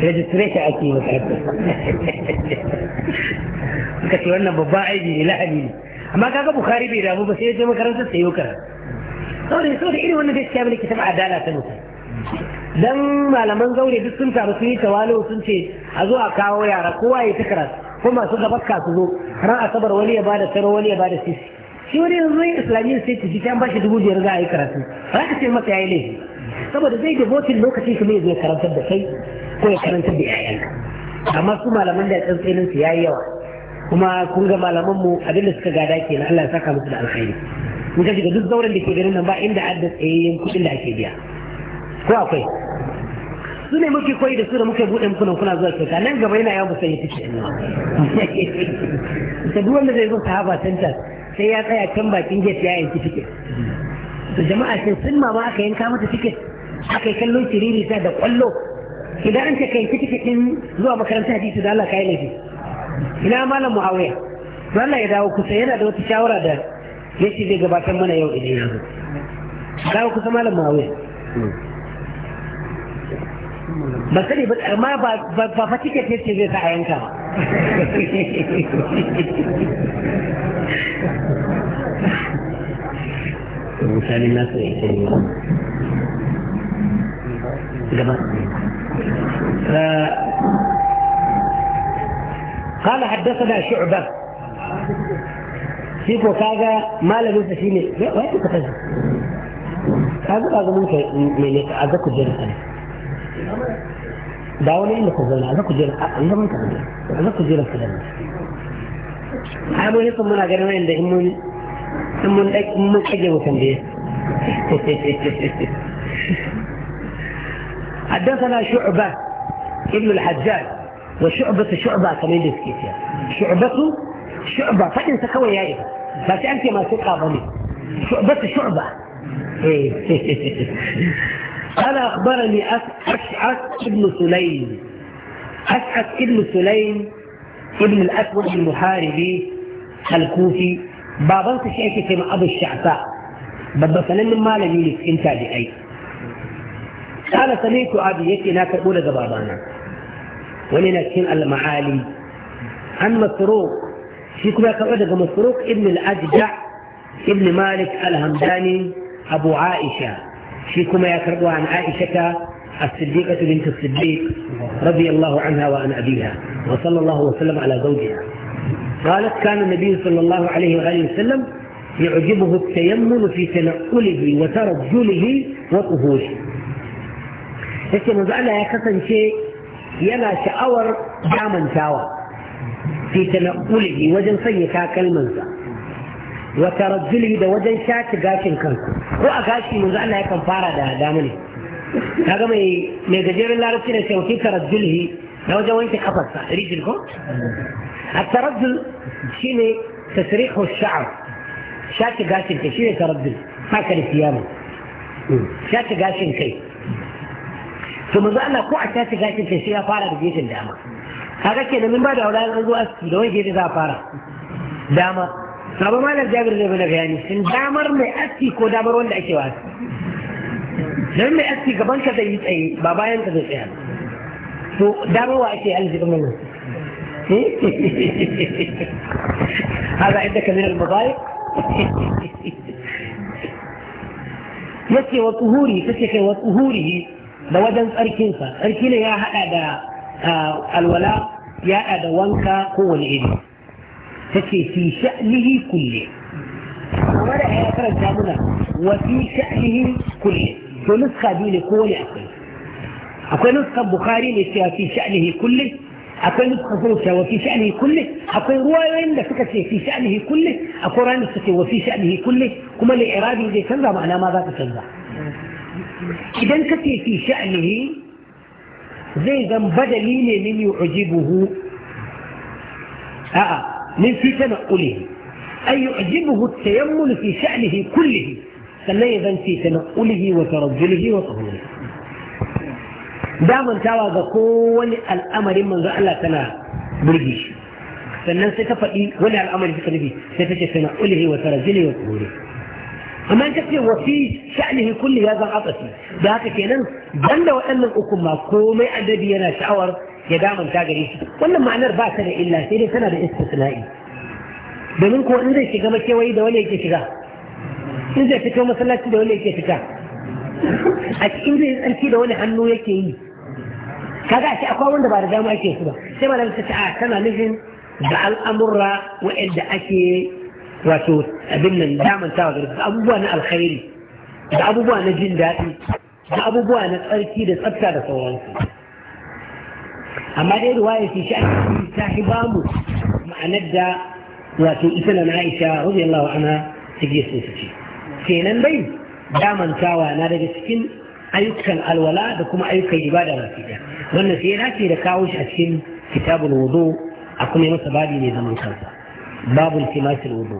registration ake yi makarantar suka ce wannan babban aiki ne la'ani ne amma kaga bukari bai damu ba sai ya je makarantar sai yau karatu saboda saboda irin wannan gaskiya bane kitab adala ta mutum dan malaman zaure duk sun taru sun yi tawalo sun ce a zo a kawo yara kowa ya ta karatu ko masu ka su zo ran asabar wani ya bada tsaro wani ya bada sisi shi wani yanzu yin islamiyyar sai ta jita ba bashi dubu biyar za a yi karatu ba ka ce masa ya yi laifi saboda zai devotin lokacin shi ne zai karantar da kai ko ya karantar da yaya amma su malaman da tsantsenin su yayi yawa kuma kun ga malaman mu abinda suka gada kenan Allah ya saka musu da alkhairi Mun ka shiga duk zauren da ke garin nan ba inda adda tsayayyen eh, kuɗin da ake biya ko akwai su ne muke koyi da su da muke buɗe muku kuna zuwa kyauta nan gaba yana yawon musayi take ta duk wanda zai zo sahaba center sai ya tsaya can bakin gate ya yanki ticket to jama'a sai sun mama aka yanka mata ticket aka yi kallon ta da kwallo idan an ce ka yanki ticket din zuwa makaranta hadisi da Allah ka yi laifi ina malam muawiya to Allah ya dawo kusa yana da wata shawara da yake zai gabatar mana yau idan ya zo dawo kusa malam muawiya ba sani ba amma ba fa cike ce قال حدثنا شعبة سيكو كاغا ما لم يتشيني وين تتجد هذا هذا ممكن من يتعذك الجنة دعوني من حدثنا شعبة ابن الحجاج وشعبة شعبة كمان يا يعني. شعبة شعبة فإن سكوي يا يعني. إيه بس أنت ما تقابلني شعبة شعبة إيه. قال أخبرني أشعث بن سليم أشعث بن سليم ابن الأسود المحاربي الكوفي بابا تشعر في أبو الشعفاء بابا سلم ما لم يلس انت بأي قال سميت أبي يكي لا تقول ذا بابانا ولنا كن المعالي عن مسروق في كما كعودة مسروق ابن الأجدع ابن مالك الهمداني أبو عائشة فيكما يترضى عن عائشة الصديقة بنت الصديق رضي الله عنها وعن أبيها وصلى الله وسلم على زوجها قالت كان النبي صلى الله عليه وآله وسلم يعجبه التيمم في تنقله وترجله وطهوله هكذا يا يكسن شيء يلا شاور جاما شاوى في تنقله وجن سيكا كلمنزا وترجله دا وجن شاك قاشن كنكم ko a kashi manzo Allah kan fara da damu ne kaga mai mai gajeren larabci ne sai wakil tarajjulhi na wajen wanke kafar sa rijil ko a tarajjul shine tasrihu sha'ar shaki gashin kai shine tarajjul haka da siyama hmm, shaki gashin kai to manzo Allah ko a shaki gashin kai sai ya fara da gefen dama kaga kenan min ba da wani an zo asiri da wani gefe za a fara dama ሰው ማለት እግዚአብሔር ነው ብለህ ያኔ እንዳመር ነው እስቲ ኮዳመር ወንድ አይቼዋል ለምን እስቲ ከባን ከተይ ጠይ ባባያን ተደስ ያለ ሶ ዳሮ አይቼ አልዚ ከመነ هذا عندك من المضايق يسي وطهوري يسي وطهوري لو دن اركنسا اركنا يا هذا آه، الولاء يا هذا وانكا قوه الايدي تكي في شأنه كله ومانا هي أكرا وفي شأنه كله فنسخة دي لكون أقل أقول نسخة بخاري لسيها في شأنه كله أقول نسخة فرشة وفي شأنه كله أقول رواية عند فكرة في شأنه كله أقول رواية نسخة وفي شأنه كله كما لإرادي زي تنزع معناه ماذا تنزع إذا كتي في شأنه زي ذنب دليل من يعجبه آه من في تنقله أي يعجبه التيمل في شأنه أ ن ه كله فليذا في تنقله وترجله وطهوره دائما ترى بكون الأمر من زعل تنا برجيش فالناس ستفقي ولا الأمر في قلبي ستجد تنقله وترجله وطهوره أما م ا ان ت وفي شأنه كله هذا عطسي ذاك كينا بل و أكون ن ما كومي ادبي انا شعور ya damanta gare shi wannan ma'anar ba ta da illa sai dai tana da istisna'i domin ko in zai shiga makewayi da wani yake shiga in zai fito masallaci da wani yake fita a cikin zai tsarki da wani hannu yake yi kaga a ce akwai wanda ba da dama ake su ba sai malam ta ce a tana nufin da al'amurra wa'anda ake wato abin nan damantawa gari. da abubuwa na alkhairi da abubuwa na jin daɗi da abubuwa na tsarki da tsafta da sauransu amma dai ruwaya ce shi ake ta hi bamu ma'anar da wato ita na Aisha radiyallahu anha take so ta ce kenan dai damantawa na daga cikin ayyukan alwala da kuma ayyukan ibada masu ɗaya wannan sai ya ce da kawo shi a cikin kitabul wudu a kuma masa babi ne zaman kansa babul timasil wudu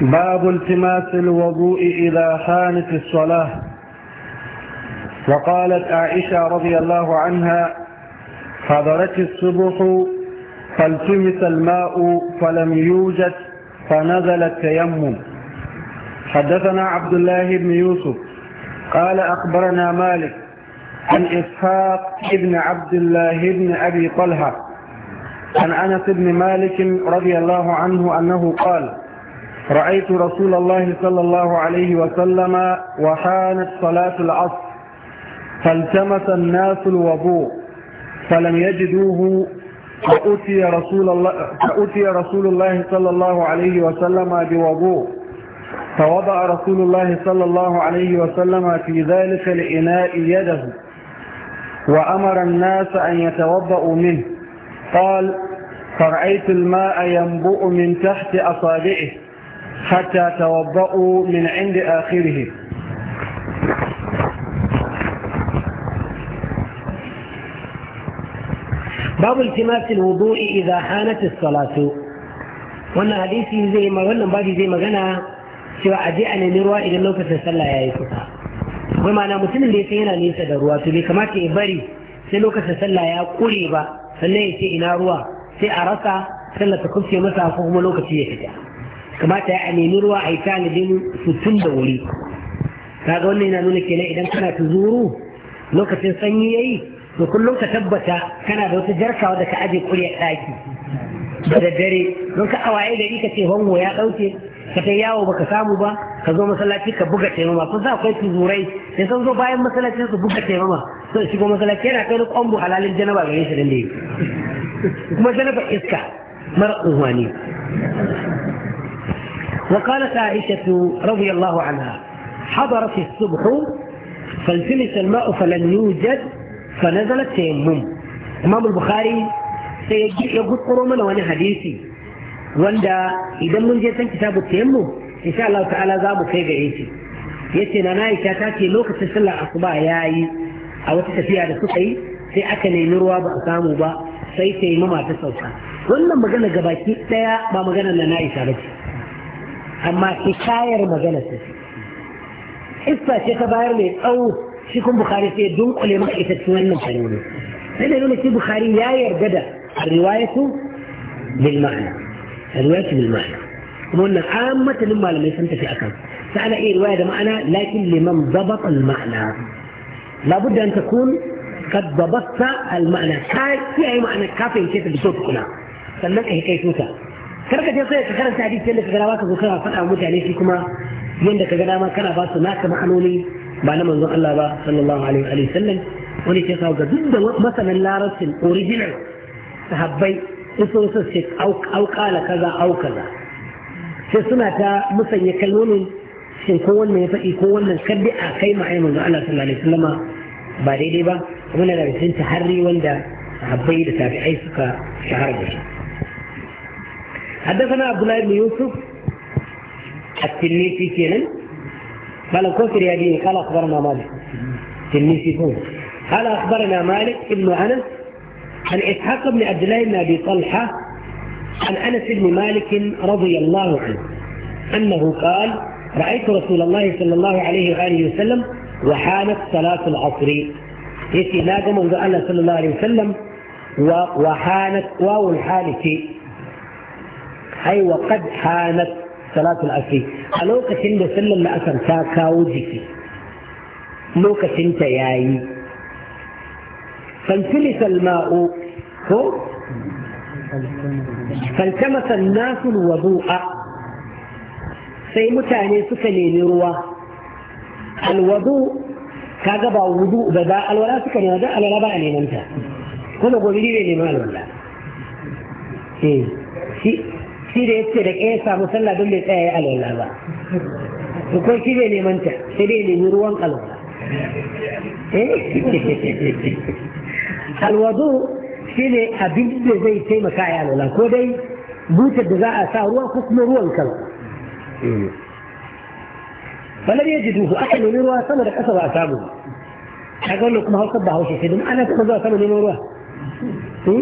باب التماس الوضوء إذا حانت الصلاة وقالت عائشة رضي الله عنها حضرت الصبح فالتمس الماء فلم يوجد فنزل التيمم حدثنا عبد الله بن يوسف قال أخبرنا مالك عن إسحاق بن عبد الله بن أبي طلحة عن أنس بن مالك رضي الله عنه أنه قال رأيت رسول الله صلى الله عليه وسلم وحانت صلاة العصر فالتمس الناس الوضوء فلم يجدوه فأتي رسول الله, فأتي رسول الله صلى الله عليه وسلم بوضوء فوضع رسول الله صلى الله عليه وسلم في ذلك الإناء يده وأمر الناس أن يتوضأوا منه قال فرأيت الماء ينبؤ من تحت أصابعه حتى توضأوا من عند آخره babu iltimasil wudu'i idza hanat as-salatu wannan hadisi zai ma wannan babi zai magana cewa a je a nemi ruwa idan lokacin sallah yi kusa wai ma'ana mutumin da san yana nesa da ruwa to bai kamata ya bari sai lokacin sallah ya kure ba sannan ya ce ina ruwa sai a rasa sallah ta kufce masa ko kuma lokaci ya fita kamata ya nemi ruwa a yi tanadin su da wuri kaga wannan yana nuna kenan idan kana tuzuru lokacin sanyi yayi وكلهم تتبتا كان دوت جركا ودك ادي كل يتاجي بدا دري نك اوايد ايك تي ويا دوتي كتياو بك سامو با كزو مسلاتي كبغا تي ما كزا كاي تي زوري يسو زو باي مسلاتي كبغا تي ما تو سيكو مسلاتي انا كلو قومو حلال الجنبا غير سندي كما جنبا اسكا مر اخواني وقالت عائشة رضي الله عنها حضرت الصبح فالتمس الماء فلن يوجد fa nazalat tayammum imam al-bukhari sai ya gutsuro mana wani hadisi wanda idan mun je san kitabu tayammum insha Allah ta'ala za mu kai gare shi yace na Aisha ta ce lokacin sallar asuba yayi a wata tafiya da suka yi sai aka nemi ruwa ba a samu ba sai ta yi mama ta sauka wannan magana gabaki ɗaya ba magana na Aisha ba ce amma hikayar magana ce iska ce ta bayar mai tsawo shi kun bukhari sai dunkule maka ita cikin wannan kalmomi sai da nuna shi bukhari ya yarda da riwayatu bil ma'ana riwayatu bil ma'ana kuma wannan ammatan malamai sun tafi akan sai ana iya riwaya da ma'ana lakin liman dabata al ma'ana لابد أن تكون قد ضبطت المعنى في أي معنى كافي شيء بصوت كنا sannan ka kai tuta kar ka je sai ka karanta hadisi yadda ka ga ba ka zo kana faɗa mutane shi kuma yadda ka ga dama kana ba su naka ma'anoni ba na manzon Allah ba sallallahu alaihi wa sallam wani ke kawo ga duk da masanan larabcin original sahabbai in sun so ce auƙala kaza au kaza sai suna ta musanya kalmomin shin ko wannan ya faɗi ko wannan kaddi a kai ma ayyukan manzon Allah sallallahu alaihi wa sallama ba daidai ba kuma na da rikin taharri wanda sahabbai da tabi'ai suka shahara da shi حدثنا عبد الله بن يوسف التلميذي كينان قال الكوثر يا ديني قال أخبرنا مالك تلميذ فوق قال أخبرنا مالك ابن أنس عن إسحاق بن عبد الله بن أبي طلحة عن أنس بن مالك رضي الله عنه أنه قال رأيت رسول الله صلى الله عليه وآله وسلم وحانت صلاة العصر يتي لا قم صلى الله عليه وسلم وحانت واو الحالة أي وقد حانت صلاة العشي ألوك تند سلم لأسر تاكا وجيكي لوك تند ياي فانتلس الماء فالتمس الناس الوضوء سي متاني سكني نروى الوضوء كذب با وضوء بدا الولا سكني بدا الولا با اني منتا كله قولي لي لي مال ولا إيه. shi da ce da ƙaya samu sallah don bai tsaye ya alwala ba ko shi bai neman ta sai dai nemi ruwan alwala eh? alwado shi ne abin da zai taimaka ya alwala ko dai butar da za a sa ruwa ko kuma ruwan kan balar eh. ya ji duhu aka nemi ruwa sama da ƙasa ba a samu a ga wannan kuma hausa ba hausa sai don ana sama zuwa sama neman ruwa sai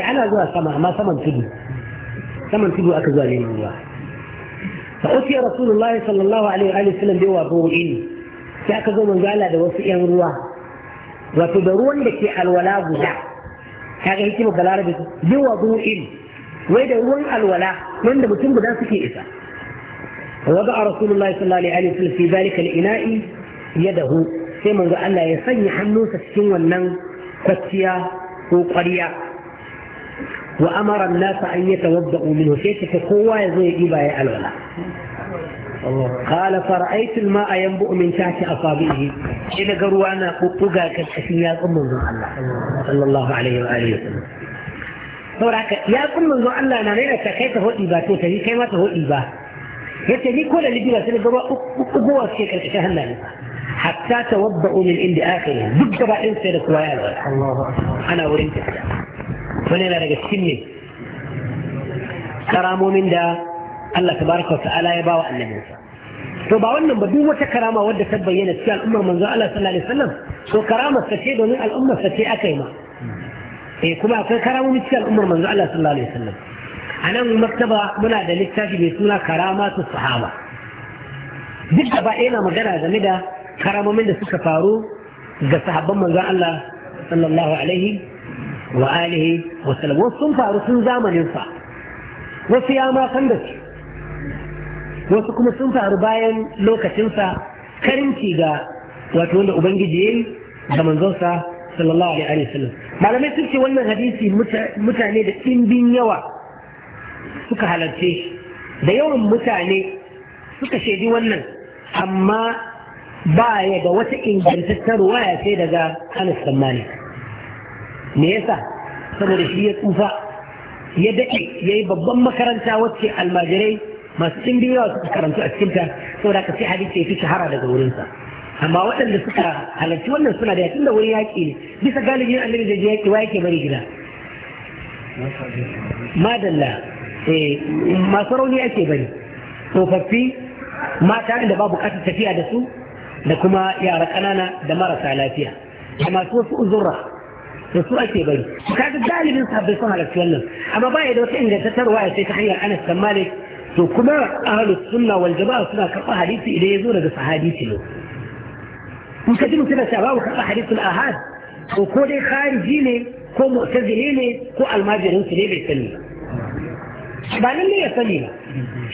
eh? ana zuwa sama amma saman tudu كما في ذو أكزوا لين الله فأتي رسول الله صلى الله عليه وآله وسلم بيوا بوئين في أكزوا من قال هذا وفي أن الله وتدرون لك الولاء بزع هذا يتم بلارة بيوا بوئين ويدرون الولاء من دم تنب دان سكي إسا ووضع رسول الله صلى الله عليه وسلم في ذلك الإناء يده ثم قال لا يسني حنوس السن والنن فتيا وقريا وأمر الناس أن يتوضأوا منه شيء كقوة يزوي إباية الولا قال فرأيت الماء ينبؤ من تحت أصابعه إذا قروا أنا قطقا كالحسيات أم من الله صلى الله عليه وآله وسلم sauraka ya kun manzo Allah na raina ta kai ta hodi ba to tayi kai ma ta hodi ba yace ni ko da lijiya sai ga ruwa uguwa ce karkashin hannayen hatta tawadda'u min inda akhirih duk gaba in sai da kuwa ya Allah ana wurin tafiya wani yana daga cikin ne karamomin da Allah tabaraka ta'ala ya bawa annabinsa to ba wannan ba duk wata karama wadda ta bayyana cikin al'ummar manzon Allah sallallahu alaihi wasallam to karama sa ce domin al'ummar sa ce aka yi ma eh kuma akwai karamomi cikin al'ummar manzon Allah sallallahu alaihi wasallam a nan maktaba muna da littafi mai suna karama ta sahaba duk da ba na magana game da karamomin da suka faru ga sahabban manzon Allah sallallahu alaihi wa alihi wa sallam wasu sun faru sun zamanin sa wasu ya ma san da shi wasu kuma sun faru bayan lokacinsa karinci ga wato wanda ubangiji yayi da manzonsa sallallahu alaihi wa sallam malamai sun ce wannan hadisi mutane da ɗimbin yawa suka halarce da yawan mutane suka shaidi wannan amma ba ya da wata ingantaccen ruwaya sai daga Anas Malik me yasa saboda shi ya tsufa ya daɗe ya yi babban makaranta wacce almajirai masu ɗimbin yawa suka karantu a cikinta saboda ka sai hadisi ya fi shahara daga wurinsa amma waɗanda suka halarci wannan suna da yakin da wani yaƙi ne bisa galibin annabi da yaƙi wa yake bari gida madalla masu rauni ake bari tsofaffi mata inda babu bukatar tafiya da su da kuma yara ƙanana da marasa lafiya da masu wasu uzurra رسولتي بي كانت دالي من صحب بيصنع لك تولم أما بايد وطعين لتتر واي سي تحيي أنا السمالك وكما أهل السنة والجماعة السنة كرقى حديثي إلي يزور بس حديثي له وكذلك كما سعبا وكرقى حديث الأهاد وكودي خارجيني كو مؤتذهيني كو الماجر هنس ليه بيسلم بان اللي يسلم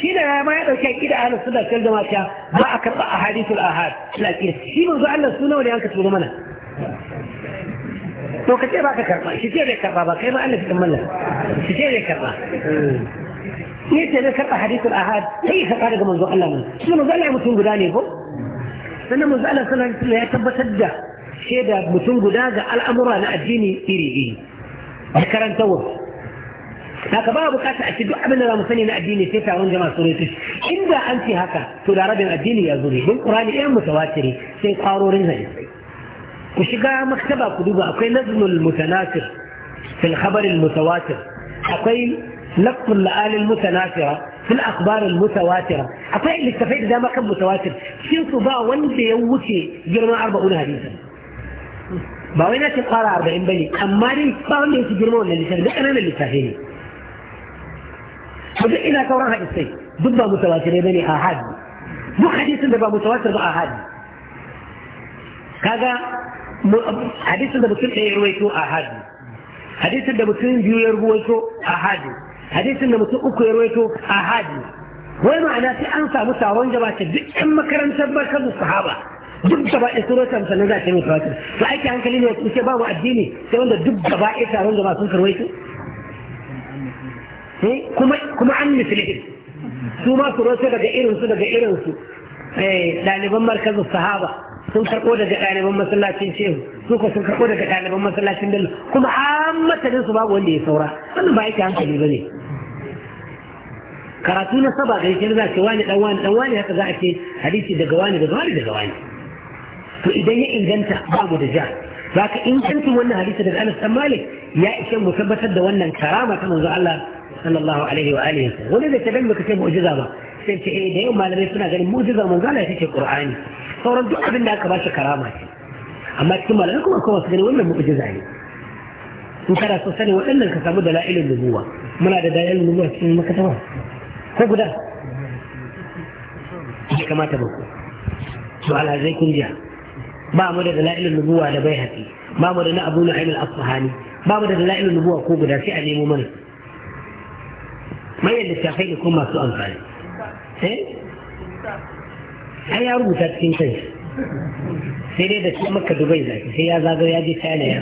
شينا ما يقول كي إذا أهل السنة كل دماشا ما أكرقى حديث الأهاد لكن شينا زعلنا أهل السنة ولي أنك تبضمنا to ka ce ba ka karba shi ce bai karba ba kai ma Allah cikin mallan shi ce bai karba ne ce bai karba hadithul ahad sai ka daga manzo Allah ne shi manzo Allah mutum guda ne ko sannan manzo Allah sallallahu alaihi wasallam ya tabbatar da shaida mutum guda ga al'amura na addini iri iri da karantawa haka ba bukata a ce duk abin da za mu sani na addini sai taron jama'a su rufe inda an ce haka to da rabin addini ya zo ne don qur'ani ɗayan mutawatir sai kwarorin hadisi ku مكتبة كدوبة ku نظم akwai في الخبر المتواتر khabar لقط الآل المتناثرة في الأخبار المتواترة أطيع اللي استفيد ده ما كان متواتر شين صباع وانده يوكي جرمان أربعون حديثا باوينا تقال أربعين بني أماني باوين يوتي وانده يوكي جرمان اللي سهل ده اللي سهلني فده إلى كوران هذا السيد ضبا متواتر يا بني آهاد دو حديث دبا متواتر بقى آهاد كذا hadisin da mutum ɗaya ruwaito a hadu hadisin da mutum biyu ya ruwaito a hadu hadisin da mutum uku ya ruwaito a hadu wai ma'ana sai an samu sabon jama'a ta duk ɗan makarantar barkar sahaba duk gaba ɗaya sun rasa misalin za ta yi mutu wata to aiki hankali ne kuke babu addini sai wanda duk gaba ɗaya sabon jama'a sun karwaito eh, kuma an mislihin su ma su rosa daga irinsu daga irinsu eh, ɗaliban markazin sahaba sun karɓo daga ɗaliban masallacin shehu su ko sun karɓo daga ɗaliban masallacin dalil kuma hammatanin su babu wanda ya saura wannan ba yake hankali ba ne karatu na saba ga yake za ce wani dan wani dan wani haka za a ce hadisi daga wani daga wani daga wani to idan ya inganta babu da ja za ka ingancin wannan hadisi daga Anas dan Malik ya ishe mu tabbatar da wannan karama ta manzo Allah sallallahu alaihi wa alihi wani da ta dan baka ce mu'jiza ba sai ce eh da yau malamai suna ganin mu'jizar manzo Allah ya ce Qur'ani sauran duk abin da aka ba shi karama ce amma cikin malamai kuma kuma su gani wannan mu'jiza zai in kana so sani waɗannan ka samu dalailin nubuwa muna da dalailin nubuwa cikin makatawa ko guda ya kamata ba ku to zai kun jiya ba mu da dalailin nubuwa da bai haƙi ba mu da na abu na'im al-asfahani ba mu da dalailin nubuwa ko guda sai a nemo mana manyan shafai da kuma masu amfani eh har ya rubuta cikin kai sai dai da cikin maka dubai zaki sai ya zaga ya je china ya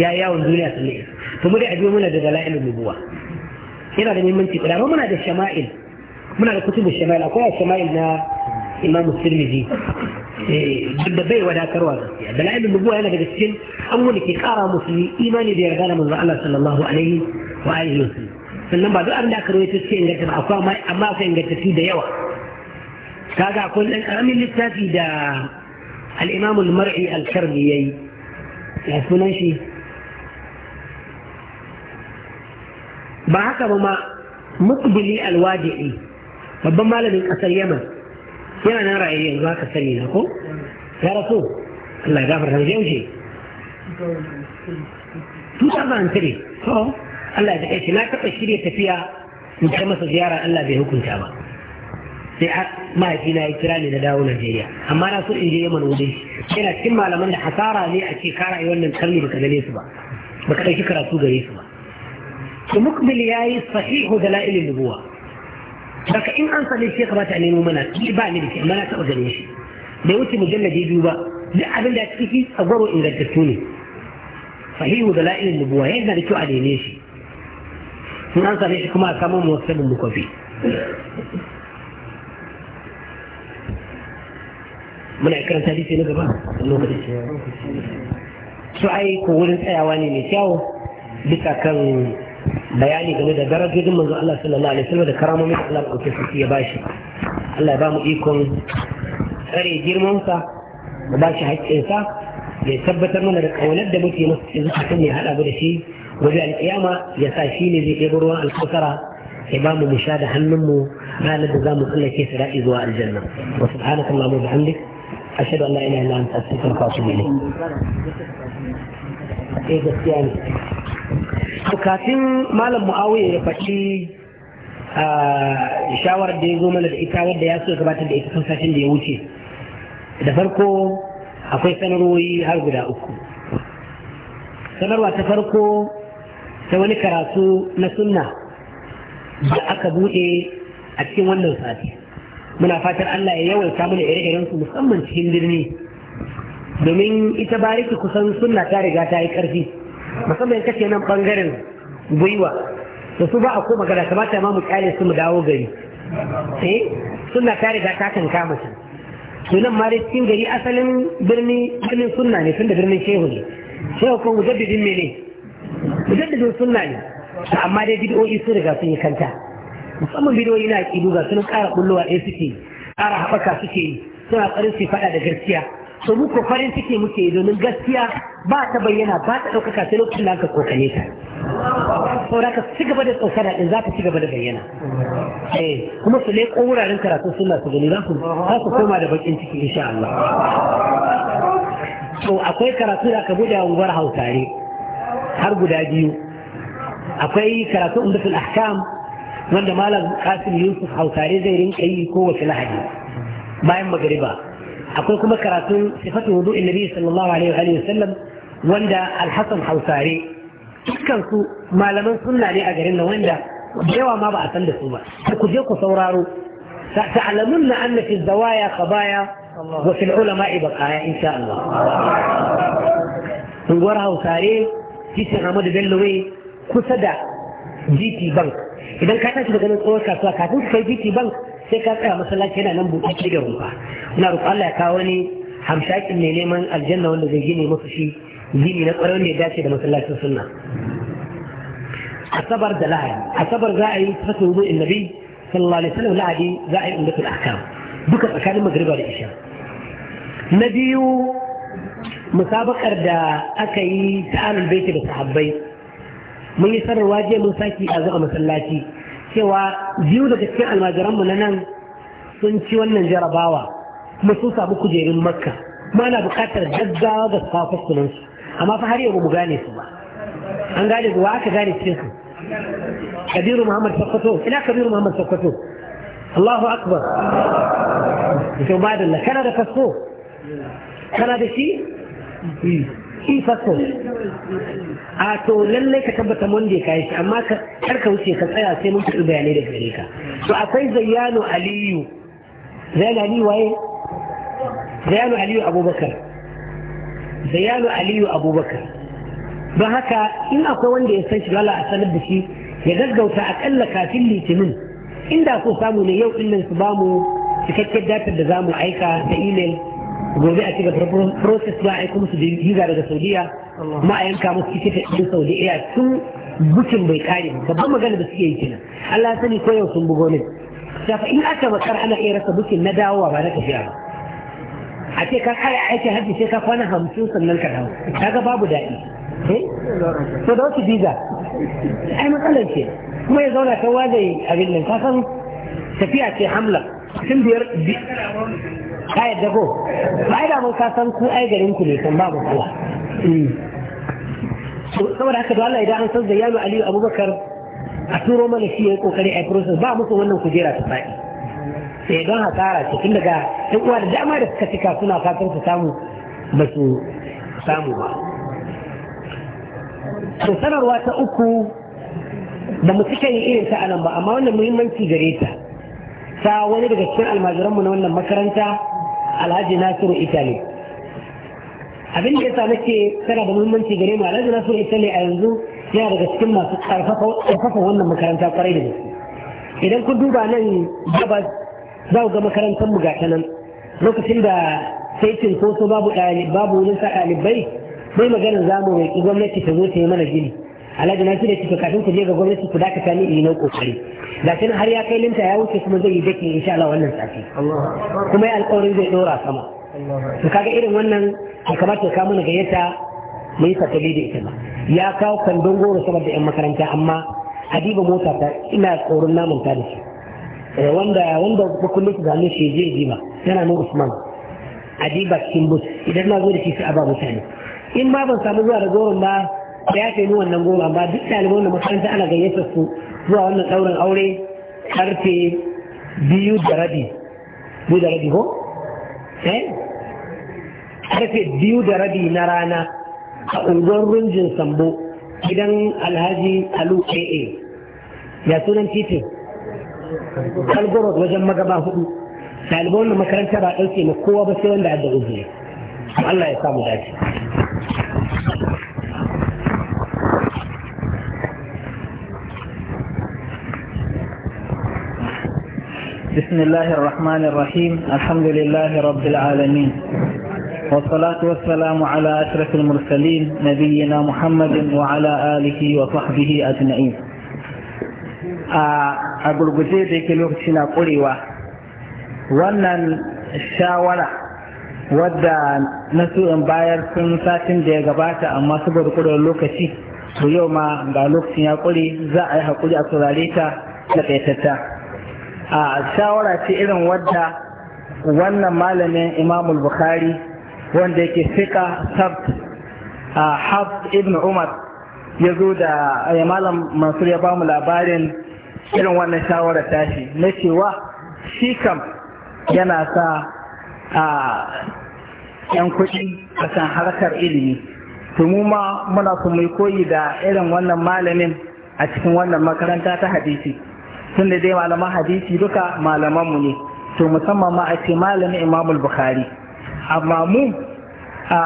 ya yawon duniya su ne. to mu dai a biyo muna da dala'ilin nubuwa yana da muhimmanci kuma amma muna da shama'il muna da kutubu shama'il akwai shama'il na imam tirmidhi eh, duk da bai wadatarwa gaskiya dala'ilin nubuwa yana daga cikin abubuwan da ke kara musulmi imani da yarda da manzo Allah sallallahu alaihi wa alihi wasallam sannan ba duk abin da aka rawaito sai inganta akwai amma akwai ingantaci da yawa كاغا كل امين لتافي دا الامام المرعي الكربيي يعرفون إيه، شيء بعد ما مقبلي الواجعي ربما مالك قصر يمن يلا نرى ايه الله قصر يمن يا رسول الله يغفر لك شيء تو سبع انت لي الله يدعيك لا تقشري تفيا من خمس زياره الا بهكم تعبان sai mahaifina ya kira ni na dawo Najeriya amma na so in je Yaman wajen shi yana cikin malaman da hasara ne a ce ka rayu wannan karni baka gane su ba baka ɗauki karatu gare su ba to mukbil yayi sahihu dalailin nubuwa daga in an sani shi kamata a nemo mana shi ba ni da shi amma na taɓa gane shi bai wuce mujalladi biyu ba duk abin da ciki tsagwaro ingantattu ne sahihu dalailin nubuwa yana da kyau a neme shi in an sani shi kuma a samu musamman mukwafi muna karanta hadisi na gaba lokaci su ai ko wurin tsayawa ne mai kyau. bisa kan bayani game da darajojin manzo Allah sallallahu alaihi wasallam da karamomin da Allah ɗauke su ya bashi Allah ya ba mu ikon tsare sa, da ba shi sa, ya tabbatar mana da ƙaunar da muke masa cikin zuciya ya hada da shi gobe alƙiyama ya sa shi ne zai ɗebo ruwan alƙasara ya ba mu musha da hannunmu ranar da za mu tsallake su da'i zuwa aljanna wa subhanakallahumma wa bihamdika ashhadu an la ilaha illa anta astaghfiruka wa atubu ilayk gaskiya ne bukatun malam muawiya ya faɗi shawarar da ya zo mana da ita wadda ya so gabatar da ita kan da ya wuce da farko akwai sanarwoyi har guda uku sanarwa ta farko ta wani karatu na sunna da aka bude a cikin wannan sati muna fatan Allah ya yawaita da ire irensu musamman cikin birni domin ita bariki kusan sunna ta riga ta yi ƙarfi musamman kace nan bangaren gwiwa da su ba a ko magana kamata ma mu kyale su mu dawo gari eh sunna ta riga ta kanka mace sunan ma dai cikin gari asalin birni birnin sunna ne tunda birnin shehu ne shehu kuma mujaddidin mene mujaddidin sunna ne amma dai bid'o'i sun riga sun yi kanta musamman bidiyoyi na aƙidu ga sun kara bullowa ɗaya suke ƙara haɓaka suke yi suna farin su faɗa da gaskiya to mu ko farin ciki muke yi domin gaskiya ba ta bayyana ba ta ɗaukaka sai lokacin da aka kokane ta saboda ka ci gaba da tsaukar ɗin za ta ci gaba da bayyana eh, kuma su leƙo wuraren karatu suna su gani za su koma da bakin ciki insha Allah to akwai karatu da aka buɗe a unguwar hautare har guda biyu akwai karatu umdatul ahkam wanda malam kasim yusuf hausare zai rinka yi kowace lahadi bayan magariba akwai kuma karatun sifatu wudu nabi sallallahu alaihi wa sallam wanda alhassan hausare dukkan su malaman sunna ne a garin nan wanda yawa ma ba a san da su ba ku je ku sauraro تعلمن أن في الزوايا خبايا وفي العلماء بقايا إن شاء الله نورها وساري جيسي غامد بلوي كسدا جيتي بنك idan ka tashi daga nan tsohon kasuwa kafin kai biki ban sai ka tsaya masallaci yana nan buɗe da rumfa ina roƙon Allah ya kawo wani hamshakin ne neman aljanna wanda zai gine masa shi gini na tsaron da ya dace da masallacin sunna asabar da lahadi asabar za a yi fasa wudu annabi sallallahu alaihi wasallam lahadi za a yi ummatul ahkam duka tsakanin magriba da isha na biyu musabakar da aka yi ta alul baiti da sahabbai mun yi sanarwa jiya mun saki a zuwa masallaci cewa biyu daga cikin almajiranmu na nan sun ci wannan jarabawa kuma sun samu kujerun makka ma na buƙatar gaggawa ga safafunan su amma fa har yau mu gane su ba an gane wa aka gane cikin su kabiru muhammad sakkwato ina kabiru muhammad sakkwato allahu akbar to ba kana da kasko kana da shi ifakon a to lallai ka tabbata monday ka yi shi amma ka karka wuce ka tsaya sai mun fi bayanai da gare ka to akwai zayyano aliyu zayyano aliyu waye zayyano aliyu abubakar zayyano aliyu abubakar don haka in akwai wanda ya san shi lala a sanar da shi ya gaggauta akalla kafin litinin inda so samu ne yau ɗin su bamu cikakken datar da zamu aika ta imel gobe a cigaba process ba a yi kuma su visa daga saudiya ma a yanka musu tiket ɗin saudiya tun bukin bai kare babban magana da suke yi kenan allah sani ko yau sun bugo ne shafa in aka makar ana iya rasa bukin na dawowa ba na tafiya ba a ce ka kare aikin hajji sai ka kwana hamsin sannan ka dawo kaga babu daɗi eh? to da wasu visa ai matsalar ce kuma ya zauna ta waje abin nan ka san tafiya ce hamla sun biyar ka yadda ko ba ai da mun ka san ku ai garin ku ne kan babu kowa mm. saboda haka da Allah idan an san Zayyano Aliyu Abubakar a turo mana shi yi kokari ai process ba musu wannan kujera ta faɗi sai don hasara ce tun daga ɗan uwa da dama da suka cika suna fatan su samu ba su samu ba to sanarwa ta uku da mu cika yin irin ta anan ba amma wannan muhimmanci gare ta ta wani daga cikin almajiranmu na wannan makaranta alhaji nasiru italy abin da ya sa nake tana da muhimmanci gare mu alhaji nasiru italy a yanzu yana daga cikin masu karfafa wannan makaranta kwarai da gaske idan kun duba nan gabas za ku ga makarantar mu ga ta nan lokacin da saitin ko so babu babu wurin sa ɗalibai sai magana za mu roƙi gwamnati ta zo ta yi mana gini alhaji nasiru ya kafin ku je ga gwamnati ku dakata ni in yi kokari lakin har ya kai linta ya wuce kuma zai yi daki in sha Allah wannan safi kuma ya alƙawarin zai dora sama to kaga irin wannan ya kamata ka mana gayyata mu yi fatali da ita ba ya kawo kandon goro saboda da 'yan makaranta amma adiba mota ta ina tsoron namun ta da shi eh, wanda wanda kullum su zane shi zai ji ba yana nan usman adiba cikin bus idan na zo da shi sai a ba mutane in ma ban samu zuwa da goron ba ya ce wannan goma ba duk ɗaliban da makaranta ana gayyata su zuwa wannan ɗaurin aure karfe biyu da rabi biyu da rabi ko eh karfe biyu da rabi na rana a unguwar rinjin sambo gidan alhaji alu aa ya sunan titin kalgorod wajen magaba hudu ɗaliban da makaranta ba ɗauke ma kowa ba sai wanda da uzuri Allah ya samu dace بسم الله الرحمن الرحيم الحمد لله رب العالمين والصلاة والسلام على أشرف المرسلين نبينا محمد وعلى آله وصحبه أجمعين a gurguje da yake lokaci na ƙurewa wannan shawara wadda na so in bayar satin da ya gabata amma saboda ƙurar lokaci to yau ma ga lokacin ya ƙure za a yi haƙuri a turare ta a shawara ce irin wadda wannan malamin imamul bukhari wanda yake fika sabt a haf ibn umar ya zo da ya malam mansur ya ba mu labarin irin wannan shawara tashi na cewa shi kam yana sa a yan kuɗi a kan harkar ilimi to mu ma muna kuma mu koyi da irin wannan malamin a cikin wannan makaranta ta hadisi tun da dai malaman hadisi duka malamanmu ne to musamman ma a ce malamin imamul bukhari amma mu a